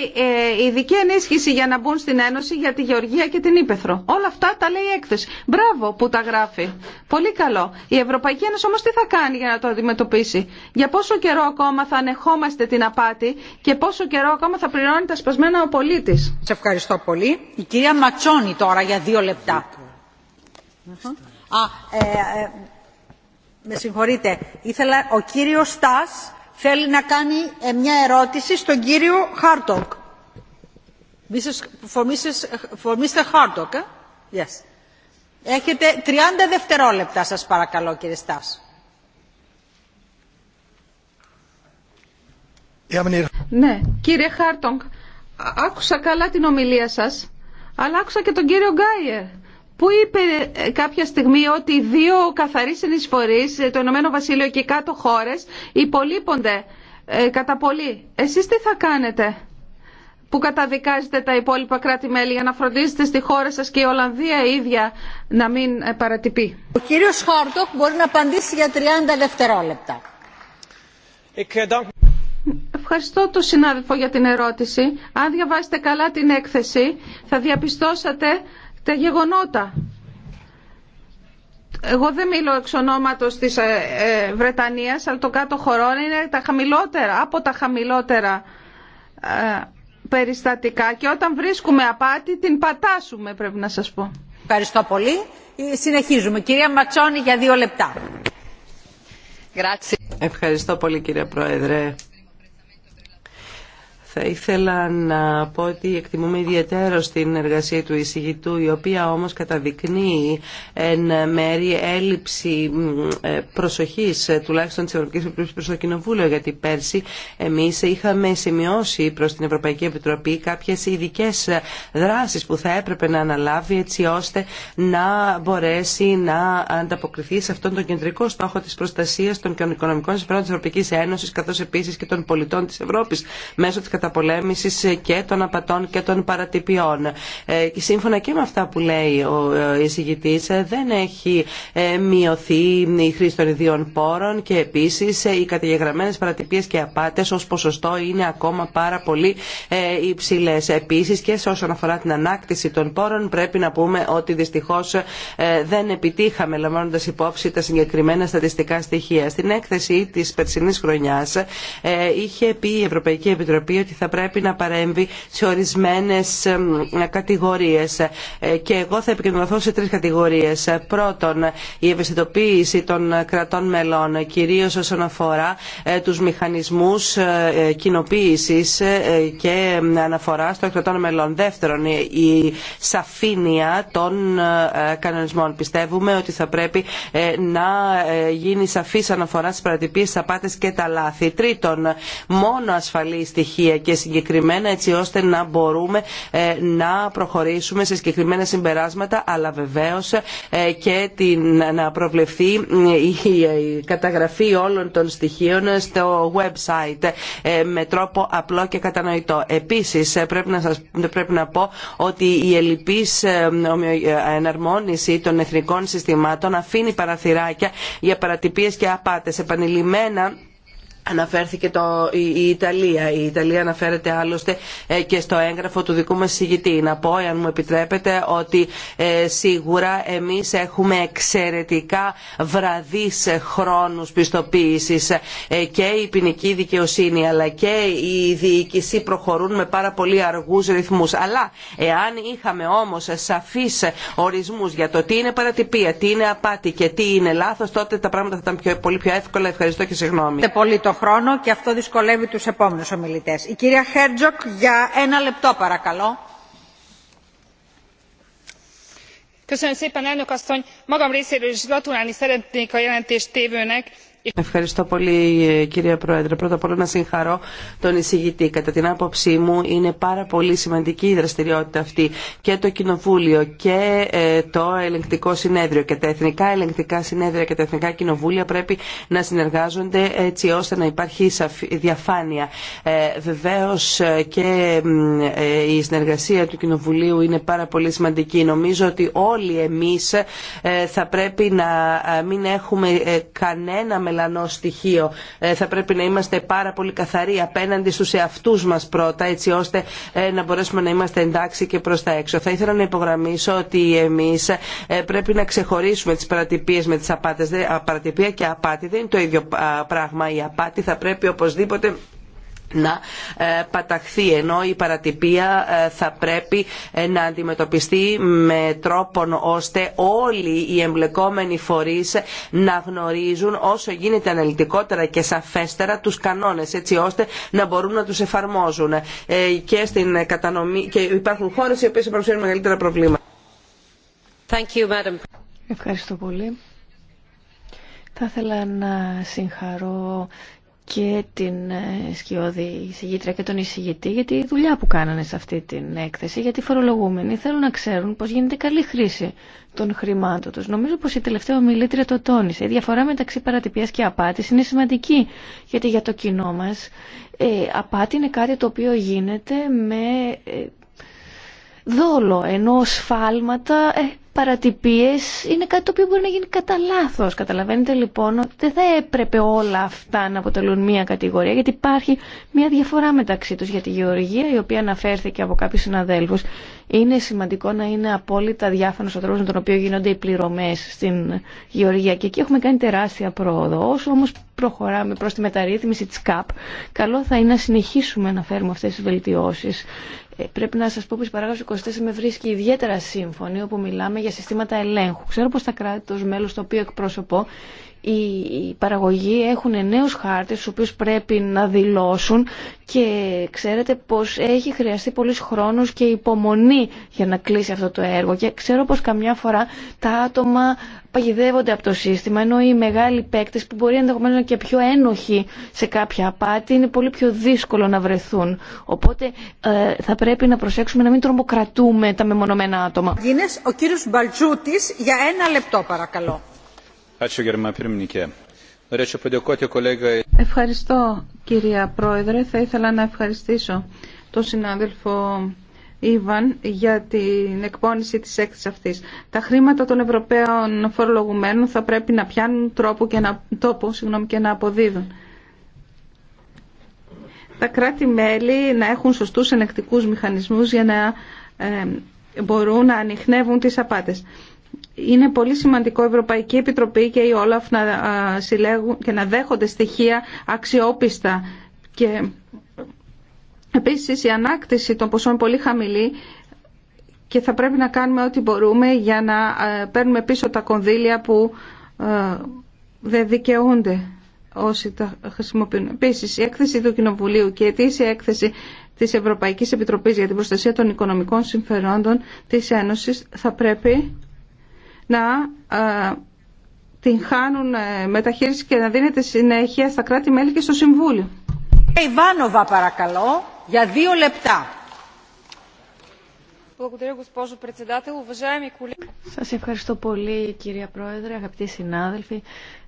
ε, ειδική ενίσχυση για να μπουν στην Ένωση για τη Γεωργία και την Ήπεθρο. Όλα αυτά τα λέει η έκθεση. Μπράβο που τα γράφει. Πολύ καλό. Η Ευρωπαϊκή Ένωση όμως τι θα κάνει για να το αντιμετωπίσει. Για πόσο καιρό ακόμα θα ανεχόμαστε την απάτη και πόσο καιρό ακόμα θα πληρώνει τα σπασμένα ο πολίτης. Σε ευχαριστώ πολύ. Η κυρία Ματσόνη τώρα για δύο λεπτά. Ε, ε, Θέλει να κάνει ε, μια ερώτηση στον κύριο Χάρτογκ. For, Mr. Ε? yes. Έχετε 30 δευτερόλεπτα σας παρακαλώ κύριε Στάς. Ναι, κύριε Χάρτογκ, άκουσα καλά την ομιλία σας, αλλά άκουσα και τον κύριο Γκάιερ που είπε κάποια στιγμή ότι δύο καθαρή συνεισφορείς, ε, το Ηνωμένο Βασίλειο και οι κάτω χώρες, υπολείπονται ε, κατά πολύ. Εσείς τι θα κάνετε που καταδικάζετε τα υπόλοιπα κράτη-μέλη για να φροντίζετε στη χώρα σας και η Ολλανδία ίδια να μην ε, παρατυπεί. Ο κύριος Χόρτοκ μπορεί να απαντήσει για 30 δευτερόλεπτα. Ευχαριστώ τον συνάδελφο για την ερώτηση. Αν διαβάσετε καλά την έκθεση θα διαπιστώσατε τα γεγονότα. Εγώ δεν μιλώ εξ ονόματος της ε, ε, Βρετανίας, αλλά το κάτω χωρών είναι τα χαμηλότερα, από τα χαμηλότερα ε, περιστατικά και όταν βρίσκουμε απάτη την πατάσουμε πρέπει να σας πω. Ευχαριστώ πολύ. Συνεχίζουμε. Κυρία Ματσόνη για δύο λεπτά. Ευχαριστώ πολύ κύριε Πρόεδρε. Θα ήθελα να πω ότι εκτιμούμε ιδιαίτερο στην εργασία του εισηγητού, η οποία όμως καταδεικνύει εν μέρη έλλειψη ε, προσοχής, ε, τουλάχιστον της Ευρωπαϊκής Επιτροπής προς το Κοινοβούλιο, γιατί πέρσι εμείς είχαμε σημειώσει προς την Ευρωπαϊκή Επιτροπή κάποιες ειδικέ δράσεις που θα έπρεπε να αναλάβει έτσι ώστε να μπορέσει να ανταποκριθεί σε αυτόν τον κεντρικό στόχο της προστασίας των οικονομικών συμφέροντων της Ευρωπαϊκής Ένωσης καθώς επίσης και των πολιτών της Ευρώπης μέσω και των απατών και των παρατυπιών. Ε, σύμφωνα και με αυτά που λέει ο ε, εισηγητής, ε, δεν έχει μειωθεί η χρήση των ιδίων πόρων και επίσης οι καταγεγραμμένες παρατυπίες και απάτες ως ποσοστό είναι ακόμα πάρα πολύ υψηλέ Επίσης και σε όσον αφορά την ανάκτηση των πόρων πρέπει να πούμε ότι δυστυχώς δεν επιτύχαμε λαμβάνοντα υπόψη τα συγκεκριμένα στατιστικά στοιχεία. Στην έκθεση της περσινής χρονιάς είχε πει η Ευρωπαϊκή Επιτροπή θα πρέπει να παρέμβει σε ορισμένες κατηγορίες. Ε, και εγώ θα επικεντρωθώ σε τρεις κατηγορίες. Πρώτον, η ευαισθητοποίηση των κρατών μελών, κυρίως όσον αφορά ε, τους μηχανισμούς ε, κοινοποίησης και αναφορά των κρατών μελών. Δεύτερον, η σαφήνεια των κανονισμών. Πιστεύουμε ότι θα πρέπει να γίνει σαφής αναφορά στις παρατυπίες, τις απάτες και τα λάθη. Τρίτον, μόνο ασφαλή στοιχεία και συγκεκριμένα έτσι ώστε να μπορούμε ε, να προχωρήσουμε σε συγκεκριμένα συμπεράσματα αλλά βεβαίως ε, και να προβλεφθεί ε, η καταγραφή όλων των στοιχείων στο website με τρόπο απλό και κατανοητό. Επίσης πρέπει να, πρέπει να πω ότι η ελλειπής εναρμόνιση των εθνικών συστημάτων αφήνει παραθυράκια για παρατυπίες και απάτες. Επανειλημμένα Αναφέρθηκε το, η, Ιταλία. Η Ιταλία αναφέρεται άλλωστε ε, και στο έγγραφο του δικού μας συγητή. Να πω, αν μου επιτρέπετε, ότι ε, σίγουρα εμείς έχουμε εξαιρετικά βραδείς χρόνους πιστοποίησης ε, και η ποινική δικαιοσύνη αλλά και η διοίκηση προχωρούν με πάρα πολύ αργούς ρυθμούς. Αλλά εάν είχαμε όμως σαφείς ορισμούς για το τι είναι παρατυπία, τι είναι απάτη και τι είναι λάθος, τότε τα πράγματα θα ήταν πολύ πιο εύκολα. Ευχαριστώ και συγγνώμη το χρόνο και αυτό δυσκολεύει τους επόμενους ομιλητές. Η κυρία Χέρτζοκ για ένα λεπτό παρακαλώ. Köszönöm szépen, elnök asszony! Magam részéről is gratulálni szeretnék a jelentéstévőnek, Ευχαριστώ πολύ κύριε Πρόεδρε. Πρώτα απ' όλα να συγχαρώ τον εισηγητή. Κατά την άποψή μου είναι πάρα πολύ σημαντική η δραστηριότητα αυτή και το Κοινοβούλιο και ε, το Ελεγκτικό Συνέδριο και τα Εθνικά Ελεγκτικά Συνέδρια και τα Εθνικά Κοινοβούλια πρέπει να συνεργάζονται έτσι ώστε να υπάρχει διαφάνεια. Ε, Βεβαίω ε, και η συνεργασία του Κοινοβουλίου είναι πάρα πολύ σημαντική. Νομίζω ότι όλοι εμείς θα πρέπει να μην έχουμε κανένα μελανό στοιχείο. Ε, θα πρέπει να είμαστε πάρα πολύ καθαροί απέναντι στου εαυτούς μας πρώτα έτσι ώστε ε, να μπορέσουμε να είμαστε εντάξει και προς τα έξω. Θα ήθελα να υπογραμμίσω ότι εμείς ε, πρέπει να ξεχωρίσουμε τις παρατυπίες με τις απάτε. Παρατυπία και απάτη δεν είναι το ίδιο πράγμα. Η απάτη θα πρέπει οπωσδήποτε να ε, παταχθεί ενώ η παρατυπία ε, θα πρέπει ε, να αντιμετωπιστεί με τρόπον ώστε όλοι οι εμπλεκόμενοι φορείς να γνωρίζουν όσο γίνεται αναλυτικότερα και σαφέστερα τους κανόνες έτσι ώστε να μπορούν να τους εφαρμόζουν και, στην κατανομή, και υπάρχουν χώρες οι οποίες παρουσιάζουν μεγαλύτερα προβλήματα. Thank Ευχαριστώ πολύ. Θα ήθελα να συγχαρώ και την ε, σκιώδη εισηγήτρια και τον εισηγητή για τη δουλειά που κάνανε σε αυτή την έκθεση, γιατί οι φορολογούμενοι θέλουν να ξέρουν πώς γίνεται καλή χρήση των χρημάτων τους. Νομίζω πως η τελευταία ομιλήτρια το τόνισε. Η διαφορά μεταξύ παρατυπίας και απάτης είναι σημαντική, γιατί για το κοινό μας ε, απάτη είναι κάτι το οποίο γίνεται με... Ε, δόλο, ενώ σφάλματα παρατυπίες είναι κάτι το οποίο μπορεί να γίνει κατά λάθο. Καταλαβαίνετε λοιπόν ότι δεν θα έπρεπε όλα αυτά να αποτελούν μία κατηγορία γιατί υπάρχει μία διαφορά μεταξύ τους για τη γεωργία η οποία αναφέρθηκε από κάποιους συναδέλφου. Είναι σημαντικό να είναι απόλυτα διάφανος ο τρόπος με τον οποίο γίνονται οι πληρωμές στην γεωργία και εκεί έχουμε κάνει τεράστια πρόοδο. Όσο όμως προχωράμε προς τη μεταρρύθμιση της ΚΑΠ, καλό θα είναι να συνεχίσουμε να φέρουμε αυτές τις βελτιώσεις. Ε, πρέπει να σας πω πως η 24 με βρίσκει ιδιαίτερα σύμφωνη όπου μιλάμε για συστήματα ελέγχου. Ξέρω πως τα κράτη, το μέλος το οποίο εκπρόσωπο οι παραγωγοί έχουν νέους χάρτες στους οποίους πρέπει να δηλώσουν και ξέρετε πως έχει χρειαστεί πολλούς χρόνους και υπομονή για να κλείσει αυτό το έργο και ξέρω πως καμιά φορά τα άτομα παγιδεύονται από το σύστημα ενώ οι μεγάλοι παίκτες που μπορεί ενδεχομένως να και πιο ένοχοι σε κάποια απάτη είναι πολύ πιο δύσκολο να βρεθούν οπότε ε, θα πρέπει να προσέξουμε να μην τρομοκρατούμε τα μεμονωμένα άτομα. Γίνες, ο κύριος Μπαλτζούτης για ένα λεπτό παρακαλώ. Ευχαριστώ κυρία Πρόεδρε. Θα ήθελα να ευχαριστήσω τον συνάδελφο Ιβαν για την εκπόνηση της έκθεσης αυτής. Τα χρήματα των Ευρωπαίων φορολογουμένων θα πρέπει να πιάνουν τρόπο και να, τόπο συγγνώμη, και να αποδίδουν. Τα κράτη-μέλη να έχουν σωστούς ενεκτικούς μηχανισμούς για να ε, μπορούν να ανοιχνεύουν τις απάτες είναι πολύ σημαντικό η Ευρωπαϊκή Επιτροπή και η Όλαφ να συλλέγουν και να δέχονται στοιχεία αξιόπιστα και επίσης η ανάκτηση των ποσών πολύ χαμηλή και θα πρέπει να κάνουμε ό,τι μπορούμε για να παίρνουμε πίσω τα κονδύλια που δεν δικαιούνται όσοι τα χρησιμοποιούν. Επίσης, η έκθεση του Κοινοβουλίου και η αιτήσια έκθεση της Ευρωπαϊκής Επιτροπής για την Προστασία των Οικονομικών Συμφερόντων της Ένωσης θα πρέπει να ε, την χάνουν ε, μεταχείριση και να δίνεται συνέχεια στα κράτη-μέλη και στο Συμβούλιο. Σα ε, παρακαλώ για δύο λεπτά. Σας ευχαριστώ πολύ κυρία Πρόεδρε, αγαπητοί συνάδελφοι.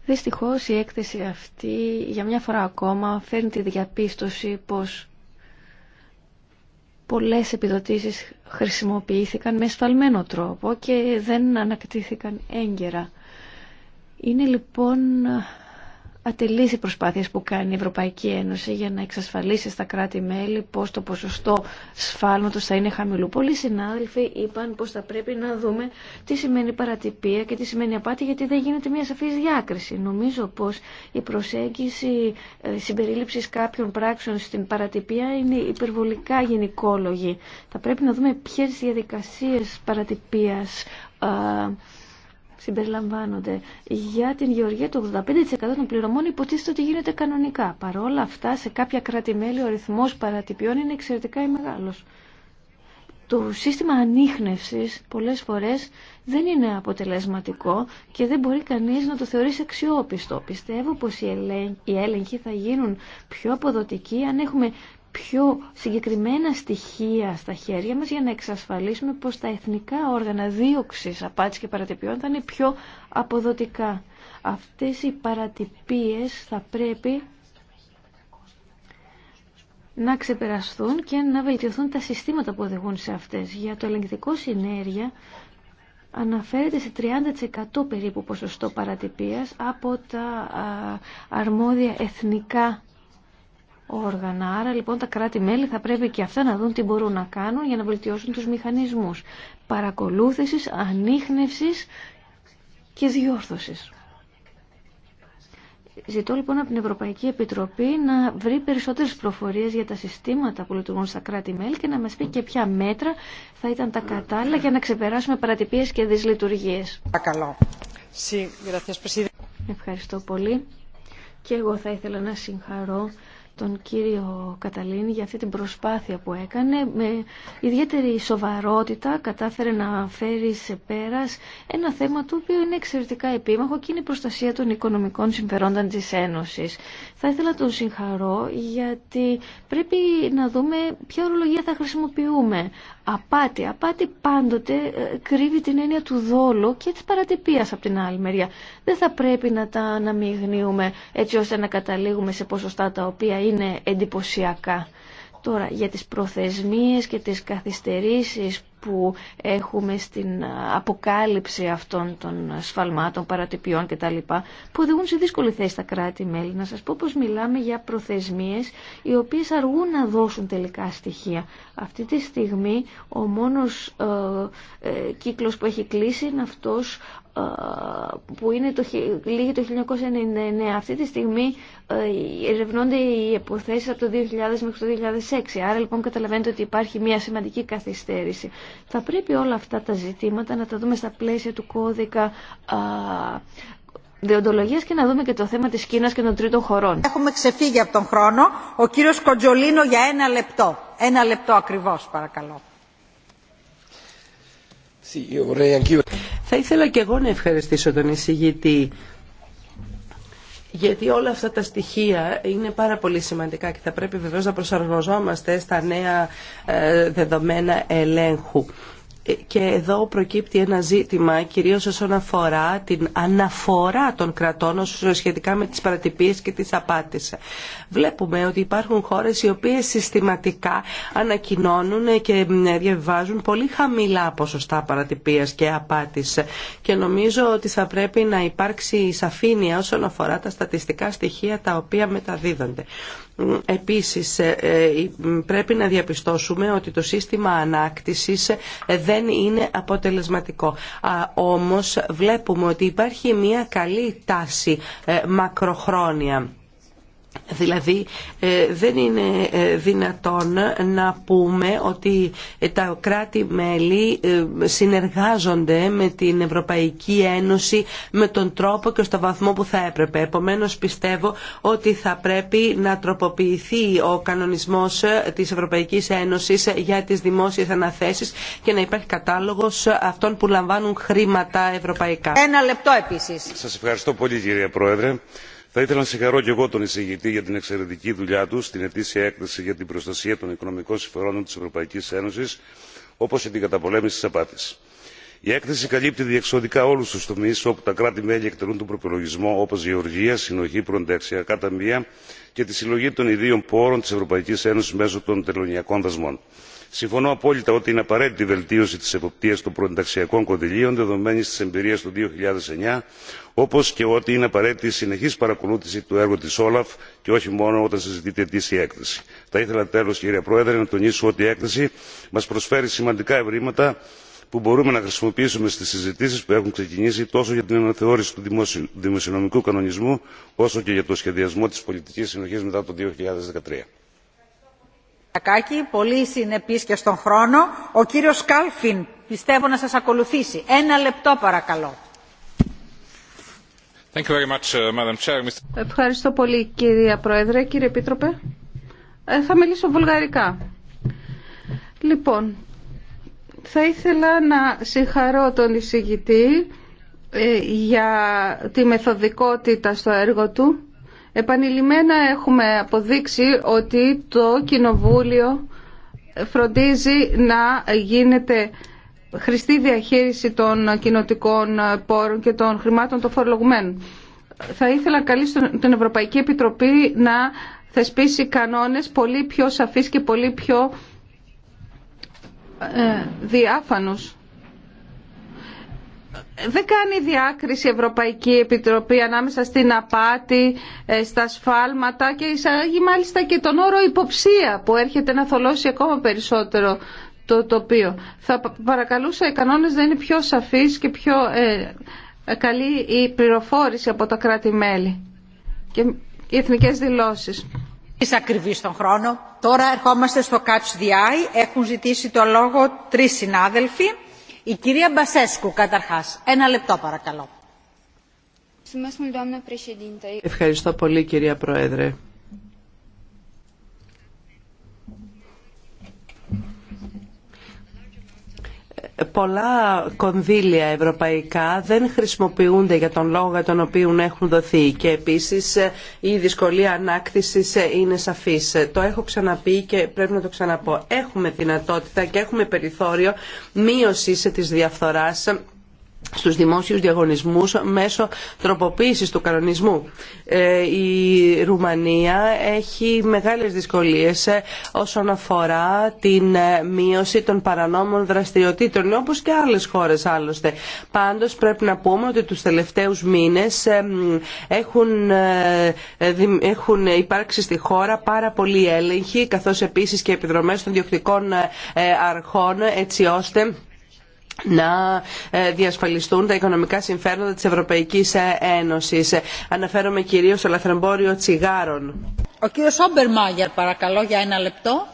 Δυστυχώ η έκθεση αυτή για μια φορά ακόμα φέρνει τη διαπίστωση πώ πολλές επιδοτήσεις χρησιμοποιήθηκαν με σφαλμένο τρόπο και δεν ανακτήθηκαν έγκαιρα. Είναι λοιπόν ατελείς οι προσπάθειες που κάνει η Ευρωπαϊκή Ένωση για να εξασφαλίσει στα κράτη-μέλη πως το ποσοστό σφάλματος θα είναι χαμηλού. Πολλοί συνάδελφοι είπαν πως θα πρέπει να δούμε τι σημαίνει παρατυπία και τι σημαίνει απάτη γιατί δεν γίνεται μια σαφής διάκριση. Νομίζω πως η προσέγγιση ε, συμπερίληψης κάποιων πράξεων στην παρατυπία είναι υπερβολικά γενικόλογη. Θα πρέπει να δούμε ποιες διαδικασίες παρατυπίας ε, συμπεριλαμβάνονται. Για την γεωργία το 85% των πληρωμών υποτίθεται ότι γίνεται κανονικά. Παρόλα αυτά σε κάποια κράτη-μέλη ο ρυθμός παρατυπιών είναι εξαιρετικά μεγάλος. Το σύστημα ανείχνευσης πολλές φορές δεν είναι αποτελεσματικό και δεν μπορεί κανείς να το θεωρήσει αξιόπιστο. Πιστεύω πως οι έλεγχοι θα γίνουν πιο αποδοτικοί αν έχουμε πιο συγκεκριμένα στοιχεία στα χέρια μας για να εξασφαλίσουμε πως τα εθνικά όργανα δίωξης απάτης και παρατυπιών θα είναι πιο αποδοτικά. Αυτές οι παρατυπίες θα πρέπει να ξεπεραστούν και να βελτιωθούν τα συστήματα που οδηγούν σε αυτές. Για το ελεγκτικό συνέργεια αναφέρεται σε 30% περίπου ποσοστό παρατυπίας από τα αρμόδια εθνικά όργανα. Άρα λοιπόν τα κράτη-μέλη θα πρέπει και αυτά να δουν τι μπορούν να κάνουν για να βελτιώσουν τους μηχανισμούς παρακολούθησης, ανείχνευσης και διόρθωσης. Ζητώ λοιπόν από την Ευρωπαϊκή Επιτροπή να βρει περισσότερες προφορίες για τα συστήματα που λειτουργούν στα κράτη-μέλη και να μας πει και ποια μέτρα θα ήταν τα κατάλληλα για να ξεπεράσουμε παρατυπίες και δυσλειτουργίες. Ευχαριστώ πολύ. Και εγώ θα ήθελα να συγχαρώ τον κύριο Καταλίνη για αυτή την προσπάθεια που έκανε. Με ιδιαίτερη σοβαρότητα κατάφερε να φέρει σε πέρας ένα θέμα το οποίο είναι εξαιρετικά επίμαχο και είναι η προστασία των οικονομικών συμφερόντων της Ένωσης. Θα ήθελα να τον συγχαρώ γιατί πρέπει να δούμε ποια ορολογία θα χρησιμοποιούμε απάτη. Απάτη πάντοτε ε, κρύβει την έννοια του δόλου και της παρατυπίας από την άλλη μεριά. Δεν θα πρέπει να τα αναμειγνύουμε έτσι ώστε να καταλήγουμε σε ποσοστά τα οποία είναι εντυπωσιακά. Τώρα για τις προθεσμίες και τις καθυστερήσεις που έχουμε στην αποκάλυψη αυτών των σφαλμάτων, παρατυπιών κτλ. που οδηγούν σε δύσκολη θέση τα κράτη-μέλη. Να σας πω πως μιλάμε για προθεσμίες οι οποίες αργούν να δώσουν τελικά στοιχεία. Αυτή τη στιγμή ο μόνος ε, ε κύκλος που έχει κλείσει είναι αυτός που είναι το, λίγη το 1999. Αυτή τη στιγμή ε, ερευνώνται οι υποθέσεις από το 2000 μέχρι το 2006. Άρα λοιπόν καταλαβαίνετε ότι υπάρχει μια σημαντική καθυστέρηση. Θα πρέπει όλα αυτά τα ζητήματα να τα δούμε στα πλαίσια του κώδικα διοντολογίας και να δούμε και το θέμα της Κίνας και των τρίτων χωρών. Έχουμε ξεφύγει από τον χρόνο. Ο κύριος Κοντζολίνο για ένα λεπτό. Ένα λεπτό ακριβώς παρακαλώ. Θα ήθελα και εγώ να ευχαριστήσω τον εισηγητή γιατί όλα αυτά τα στοιχεία είναι πάρα πολύ σημαντικά και θα πρέπει βεβαίως να προσαρμοζόμαστε στα νέα ε, δεδομένα ελέγχου και εδώ προκύπτει ένα ζήτημα κυρίως όσον αφορά την αναφορά των κρατών σχετικά με τις παρατυπίες και τις απάτες. Βλέπουμε ότι υπάρχουν χώρες οι οποίες συστηματικά ανακοινώνουν και διαβάζουν πολύ χαμηλά ποσοστά παρατυπίας και απάτης και νομίζω ότι θα πρέπει να υπάρξει σαφήνεια όσον αφορά τα στατιστικά στοιχεία τα οποία μεταδίδονται. Επίσης ε, ε, πρέπει να διαπιστώσουμε ότι το σύστημα ανάκτησης ε, δεν είναι αποτελεσματικό. Όμως βλέπουμε ότι υπάρχει μια καλή τάση μακροχρόνια Δηλαδή ε, δεν είναι ε, δυνατόν να πούμε ότι ε, τα κράτη-μέλη συνεργάζονται με την Ευρωπαϊκή Ένωση με τον τρόπο και στο βαθμό που θα έπρεπε. Επομένως πιστεύω ότι θα πρέπει να τροποποιηθεί ο κανονισμός της Ευρωπαϊκής Ένωσης για τις δημόσιες αναθέσεις και να υπάρχει κατάλογος αυτών που λαμβάνουν χρήματα ευρωπαϊκά. Ένα λεπτό επίσης. Σας ευχαριστώ πολύ κύριε Πρόεδρε θα ήθελα να συγχαρώ και εγώ τον εισηγητή για την εξαιρετική δουλειά του στην ετήσια έκθεση για την προστασία των οικονομικών συμφερόντων τη Ευρωπαϊκή Ένωση, όπω και την καταπολέμηση τη απάτη η έκθεση καλύπτει διεξοδικά όλου του τομεί όπου τα κράτη μέλη εκτελούν τον προπολογισμό όπω γεωργία συνοχή προνταξιακά ταμεία και τη συλλογή των ιδίων πόρων τη ευρωπαϊκή ένωση μέσω των τελωνιακών δασμών. συμφωνώ απόλυτα ότι είναι απαραίτητη η βελτίωση τη εποπτείας των προενταξιακών κονδυλίων δεδομένη τη εμπειρία του 2009, όπω και ότι είναι απαραίτητη η συνεχή παρακολούθηση του έργου τη Όλαφ και όχι μόνο όταν συζητείται ετήσια έκθεση. θα ήθελα τέλο κύριε πρόεδρε να τονίσω ότι η έκθεση μα προσφέρει σημαντικά ευρήματα που μπορούμε να χρησιμοποιήσουμε στις συζητήσεις που έχουν ξεκινήσει τόσο για την αναθεώρηση του δημοσιονομικού κανονισμού όσο και για το σχεδιασμό της πολιτικής συνοχής μετά το. 2013. Πολύ συνεπής και στον χρόνο. Ο κύριος Κάλφιν πιστεύω να σας ακολουθήσει. Ένα λεπτό παρακαλώ. much, uh, Ευχαριστώ πολύ κύριε Πρόεδρε. Κύριε Επίτροπε, ε, θα μιλήσω βουλγαρικά. Λοιπόν, θα ήθελα να συγχαρώ τον εισηγητή ε, για τη μεθοδικότητα στο έργο του. Επανειλημμένα έχουμε αποδείξει ότι το Κοινοβούλιο φροντίζει να γίνεται χρηστή διαχείριση των κοινοτικών πόρων και των χρημάτων των φορολογουμένων. Θα ήθελα να καλύψω την Ευρωπαϊκή Επιτροπή να θεσπίσει κανόνες πολύ πιο σαφείς και πολύ πιο ε, διάφανους. Δεν κάνει διάκριση η Ευρωπαϊκή Επιτροπή ανάμεσα στην απάτη, ε, στα σφάλματα και εισάγει μάλιστα και τον όρο υποψία που έρχεται να θολώσει ακόμα περισσότερο το τοπίο. Θα παρακαλούσα οι κανόνες να είναι πιο σαφείς και πιο ε, καλή η πληροφόρηση από τα κράτη-μέλη και οι εθνικές δηλώσεις. Είσαι ακριβή στον χρόνο. Τώρα ερχόμαστε στο Catch the Eye. Έχουν ζητήσει το λόγο τρεις συνάδελφοι. Η κυρία Μπασέσκου καταρχάς. Ένα λεπτό παρακαλώ. Ευχαριστώ πολύ κυρία Πρόεδρε. πολλά κονδύλια ευρωπαϊκά δεν χρησιμοποιούνται για τον λόγο για τον οποίο έχουν δοθεί και επίσης ε, η δυσκολία ανάκτησης ε, είναι σαφής. Ε, το έχω ξαναπεί και πρέπει να το ξαναπώ. Έχουμε δυνατότητα και έχουμε περιθώριο μείωσης της διαφθοράς στους δημόσιους διαγωνισμούς μέσω τροποποίησης του κανονισμού. Ε, η Ρουμανία έχει μεγάλες δυσκολίες ε, όσον αφορά την ε, μείωση των παρανόμων δραστηριοτήτων, όπως και άλλες χώρες άλλωστε. Πάντως πρέπει να πούμε ότι τους τελευταίους μήνες έχουν, έχουν υπάρξει στη χώρα πάρα πολύ έλεγχοι, καθώς επίσης και επιδρομές των διοκτικών αρχών, έτσι ώστε να ε, διασφαλιστούν τα οικονομικά συμφέροντα της Ευρωπαϊκής ε, Ένωσης. Αναφέρομαι κυρίως στο λαθρεμπόριο τσιγάρων. Ο κύριος Όμπερ παρακαλώ, για ένα λεπτό.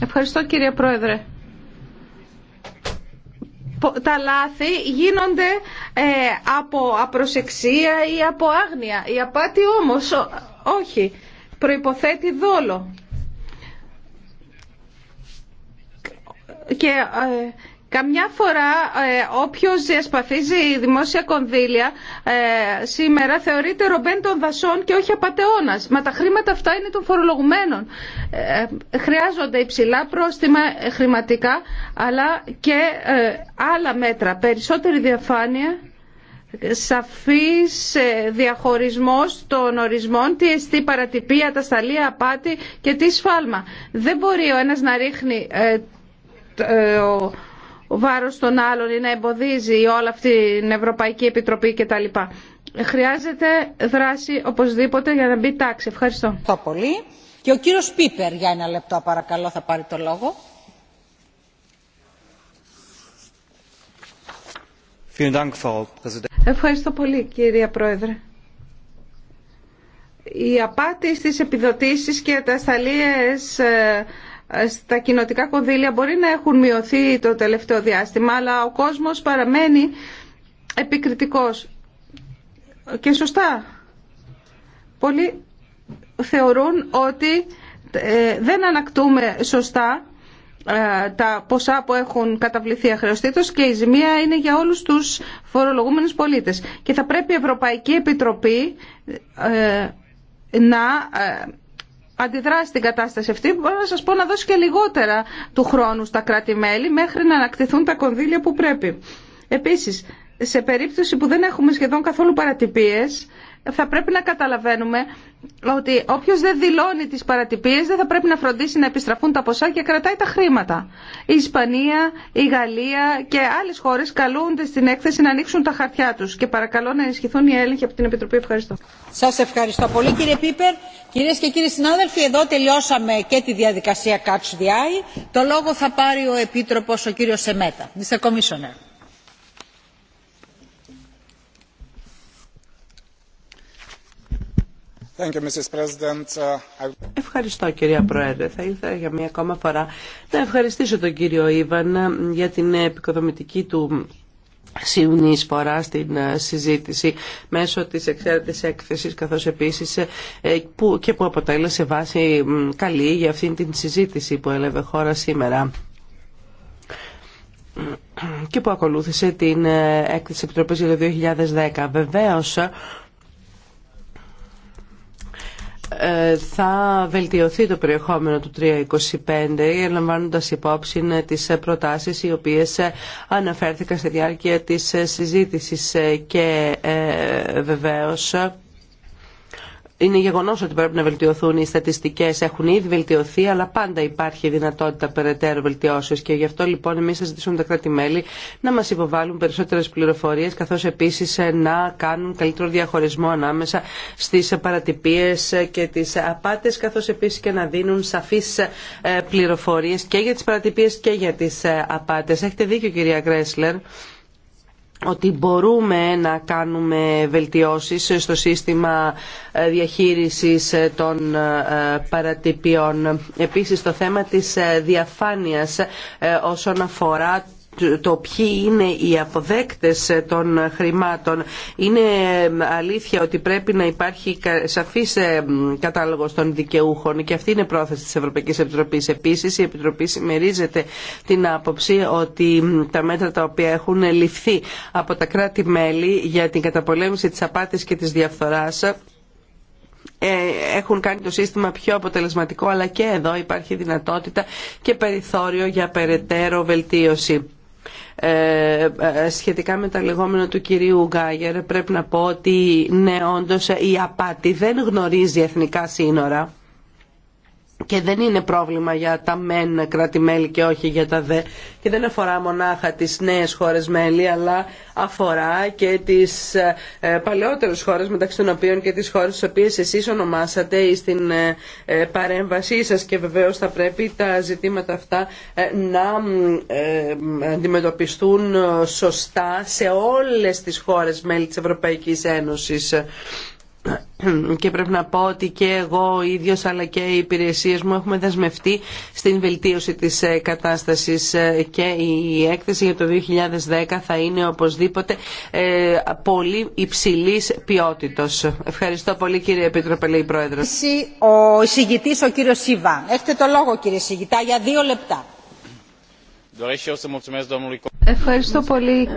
Ευχαριστώ κύριε Πρόεδρε. Τα λάθη γίνονται ε, από απροσεξία ή από άγνοια. Η απάτη όμως όχι. Προϋποθέτει δόλο. και ε, Καμιά φορά ε, όποιος διασπαθίζει δημόσια κονδύλια ε, σήμερα θεωρείται ρομπέν των δασών και όχι απατεώνας. Μα τα χρήματα αυτά είναι των φορολογουμένων. Χρειάζονται υψηλά πρόστιμα χρηματικά αλλά και άλλα μέτρα. Περισσότερη διαφάνεια, σαφής διαχωρισμός των ορισμών, τι εστί παρατυπία, τα σταλία, απάτη και τι σφάλμα. Δεν μπορεί ο ένας να ρίχνει ο βάρος των άλλων ή να εμποδίζει όλη αυτή την Ευρωπαϊκή Επιτροπή κτλ. Χρειάζεται δράση οπωσδήποτε για να μπει τάξη. Ευχαριστώ. Ευχαριστώ πολύ. Και ο κύριος Πίπερ για ένα λεπτό παρακαλώ θα πάρει το λόγο. Ευχαριστώ πολύ κύριε Πρόεδρε. Η απάτη στις επιδοτήσεις και τα ασταλίες ε, στα κοινοτικά κονδύλια μπορεί να έχουν μειωθεί το τελευταίο διάστημα, αλλά ο κόσμος παραμένει επικριτικός. Και σωστά. Πολλοί θεωρούν ότι ε, δεν ανακτούμε σωστά ε, τα ποσά που έχουν καταβληθεί αχρεωστήτως και η ζημία είναι για όλους τους φορολογούμενους πολίτες. Και θα πρέπει η Ευρωπαϊκή Επιτροπή ε, να αντιδράσει την κατάσταση αυτή, μπορώ να σας πω να δώσει και λιγότερα του χρόνου στα κράτη-μέλη μέχρι να ανακτηθούν τα κονδύλια που πρέπει. Επίσης, σε περίπτωση που δεν έχουμε σχεδόν καθόλου παρατυπίες, θα πρέπει να καταλαβαίνουμε ότι όποιο δεν δηλώνει τι παρατυπίε δεν θα πρέπει να φροντίσει να επιστραφούν τα ποσά και κρατάει τα χρήματα. Η Ισπανία, η Γαλλία και άλλε χώρε καλούνται στην έκθεση να ανοίξουν τα χαρτιά του. Και παρακαλώ να ενισχυθούν οι έλεγχοι από την Επιτροπή. Ευχαριστώ. Σα ευχαριστώ πολύ κύριε Πίπερ. Κυρίε και κύριοι συνάδελφοι, εδώ τελειώσαμε και τη διαδικασία Catch the Eye. Το λόγο θα πάρει ο Επίτροπο ο κύριο Σεμέτα. Mr. Commissioner. Uh, Ευχαριστώ κυρία Πρόεδρε. Θα ήθελα για μία ακόμα φορά να ευχαριστήσω τον κύριο Ήβαν ε, για την επικοδομητική του συνεισφορά στην ε, συζήτηση μέσω της εξαίρετης έκθεσης καθώς επίσης ε, και που αποτέλεσε βάση καλή για αυτήν την συζήτηση που έλαβε χώρα σήμερα και που ακολούθησε την έκθεση Επιτροπής για το 2010. Βεβαίως ε, θα βελτιωθεί το περιεχόμενο του 325 λαμβάνοντα υπόψη ε, τις ε, προτάσεις οι οποίες αναφέρθηκαν στη διάρκεια της συζήτησης και βεβαίως είναι γεγονός ότι πρέπει να βελτιωθούν οι στατιστικές, έχουν ήδη βελτιωθεί, αλλά πάντα υπάρχει δυνατότητα περαιτέρω βελτιώσεως και γι' αυτό λοιπόν εμεί θα ζητήσουμε τα κράτη-μέλη να μας υποβάλουν περισσότερες πληροφορίες, καθώς επίσης ε, να κάνουν καλύτερο διαχωρισμό ανάμεσα στις παρατυπίες ε, και τι απάτε, καθώ επίση και να δίνουν σαφείς ε, πληροφορίε και για τι παρατυπίες και για τι απάτε. Έχετε δίκιο κυρία Γκρέσλερ ότι μπορούμε να κάνουμε βελτιώσεις στο σύστημα ε, διαχείρισης ε, των ε, παρατυπιών. Επίσης το θέμα της διαφάνειας όσον αφορά το ποιοι είναι οι αποδέκτες των χρημάτων. Είναι αλήθεια ότι πρέπει να υπάρχει σαφής ε, κατάλογος των δικαιούχων και αυτή είναι πρόθεση της Ευρωπαϊκής Επιτροπής. Επίσης η Επιτροπή συμμερίζεται την άποψη ότι τα μέτρα τα οποία έχουν ληφθεί από τα κράτη-μέλη για την καταπολέμηση της απάτης και της διαφθοράς ε, έχουν κάνει το σύστημα πιο αποτελεσματικό αλλά και εδώ υπάρχει δυνατότητα και περιθώριο για περαιτέρω βελτίωση. Ε, ε, σχετικά με τα λεγόμενα του κυρίου Γκάγερ πρέπει να πω ότι ναι όντως η απάτη δεν γνωρίζει εθνικά σύνορα και δεν είναι πρόβλημα για τα μεν κράτη-μέλη και όχι για τα δε και δεν αφορά μονάχα τις νέες χώρες μέλη αλλά αφορά και τις ε, παλαιότερες χώρες μεταξύ των οποίων και τις χώρες τις οποίες εσείς ονομάσατε ή στην ε, ε, παρέμβασή σας και βεβαίως θα πρέπει τα ζητήματα αυτά ε, να ε, αντιμετωπιστούν σωστά σε όλες τις χώρες μέλη της Ευρωπαϊκής Ένωσης και πρέπει να πω ότι και εγώ ίδιος αλλά και οι υπηρεσίες μου έχουμε δεσμευτεί στην βελτίωση της ε, κατάστασης ε, και η έκθεση για το 2010 θα είναι οπωσδήποτε ε, πολύ υψηλής ποιότητος. Ευχαριστώ πολύ κύριε Επίτροπε, λέει η Πρόεδρος. Ο εισηγητής ο κύριος Σίβα. Έχετε το λόγο κύριε Σιγητά για δύο λεπτά. Ευχαριστώ πολύ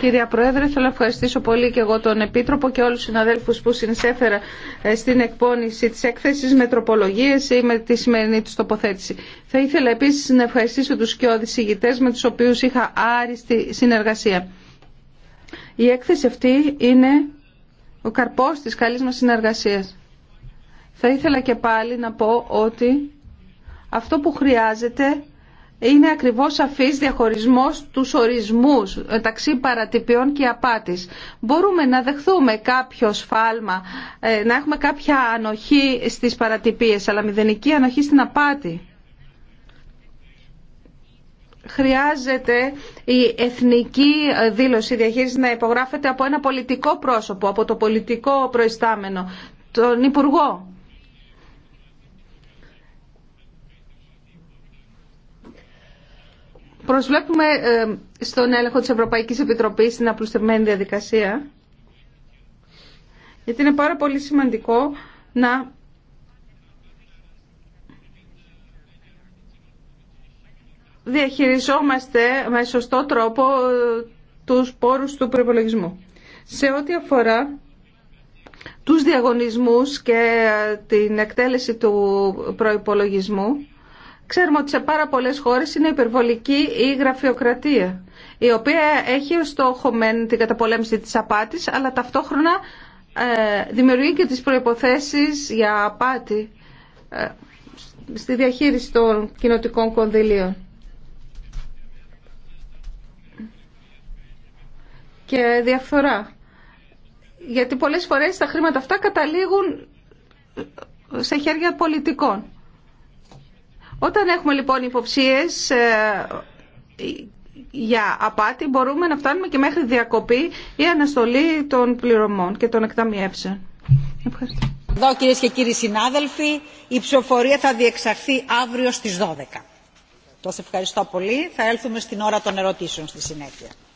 κυρία Πρόεδρε. Θέλω να ευχαριστήσω πολύ και εγώ τον Επίτροπο και όλους τους συναδέλφους που συνεισέφερα ε, στην εκπόνηση της έκθεσης με τροπολογίες ή με τη σημερινή τους τοποθέτηση. Θα ήθελα επίσης να ευχαριστήσω τους και ηγητές με τους οποίους είχα άριστη συνεργασία. Η έκθεση αυτή είναι ο καρπός της καλής μας συνεργασίας. Θα ήθελα και πάλι να πω ότι αυτό που χρειάζεται είναι ακριβώς αφής διαχωρισμός του ορισμούς μεταξύ παρατυπιών και απάτης. Μπορούμε να δεχθούμε κάποιο σφάλμα, ε, να έχουμε κάποια ανοχή στις παρατυπίες, αλλά μηδενική ανοχή στην απάτη. Χρειάζεται η εθνική δήλωση διαχείριση να υπογράφεται από ένα πολιτικό πρόσωπο, από το πολιτικό προϊστάμενο, τον Υπουργό. Προσβλέπουμε ε, στον έλεγχο της Ευρωπαϊκής Επιτροπής την απλουστευμένη διαδικασία, γιατί είναι πάρα πολύ σημαντικό να διαχειριζόμαστε με σωστό τρόπο ε, τους πόρους του προπολογισμού. Σε ό,τι αφορά τους διαγωνισμούς και ε, την εκτέλεση του προϋπολογισμού, Ξέρουμε ότι σε πάρα πολλές χώρες είναι υπερβολική η γραφειοκρατία, η οποία έχει ως στόχο μεν την καταπολέμηση της απάτης, αλλά ταυτόχρονα ε, δημιουργεί και τις προϋποθέσεις για απάτη ε, στη διαχείριση των κοινοτικών κονδυλίων. Και διαφθορά. Γιατί πολλές φορές τα χρήματα αυτά καταλήγουν σε χέρια πολιτικών. Όταν έχουμε λοιπόν υποψίες ε, για απάτη μπορούμε να φτάνουμε και μέχρι διακοπή ή αναστολή των πληρωμών και των εκταμιεύσεων. Ευχαριστώ. Εδώ κυρίε και κύριοι συνάδελφοι, η ψηφοφορία θα διεξαχθεί αύριο στις 12. Σας ευχαριστώ πολύ. Θα έλθουμε στην ώρα των ερωτήσεων στη συνέχεια.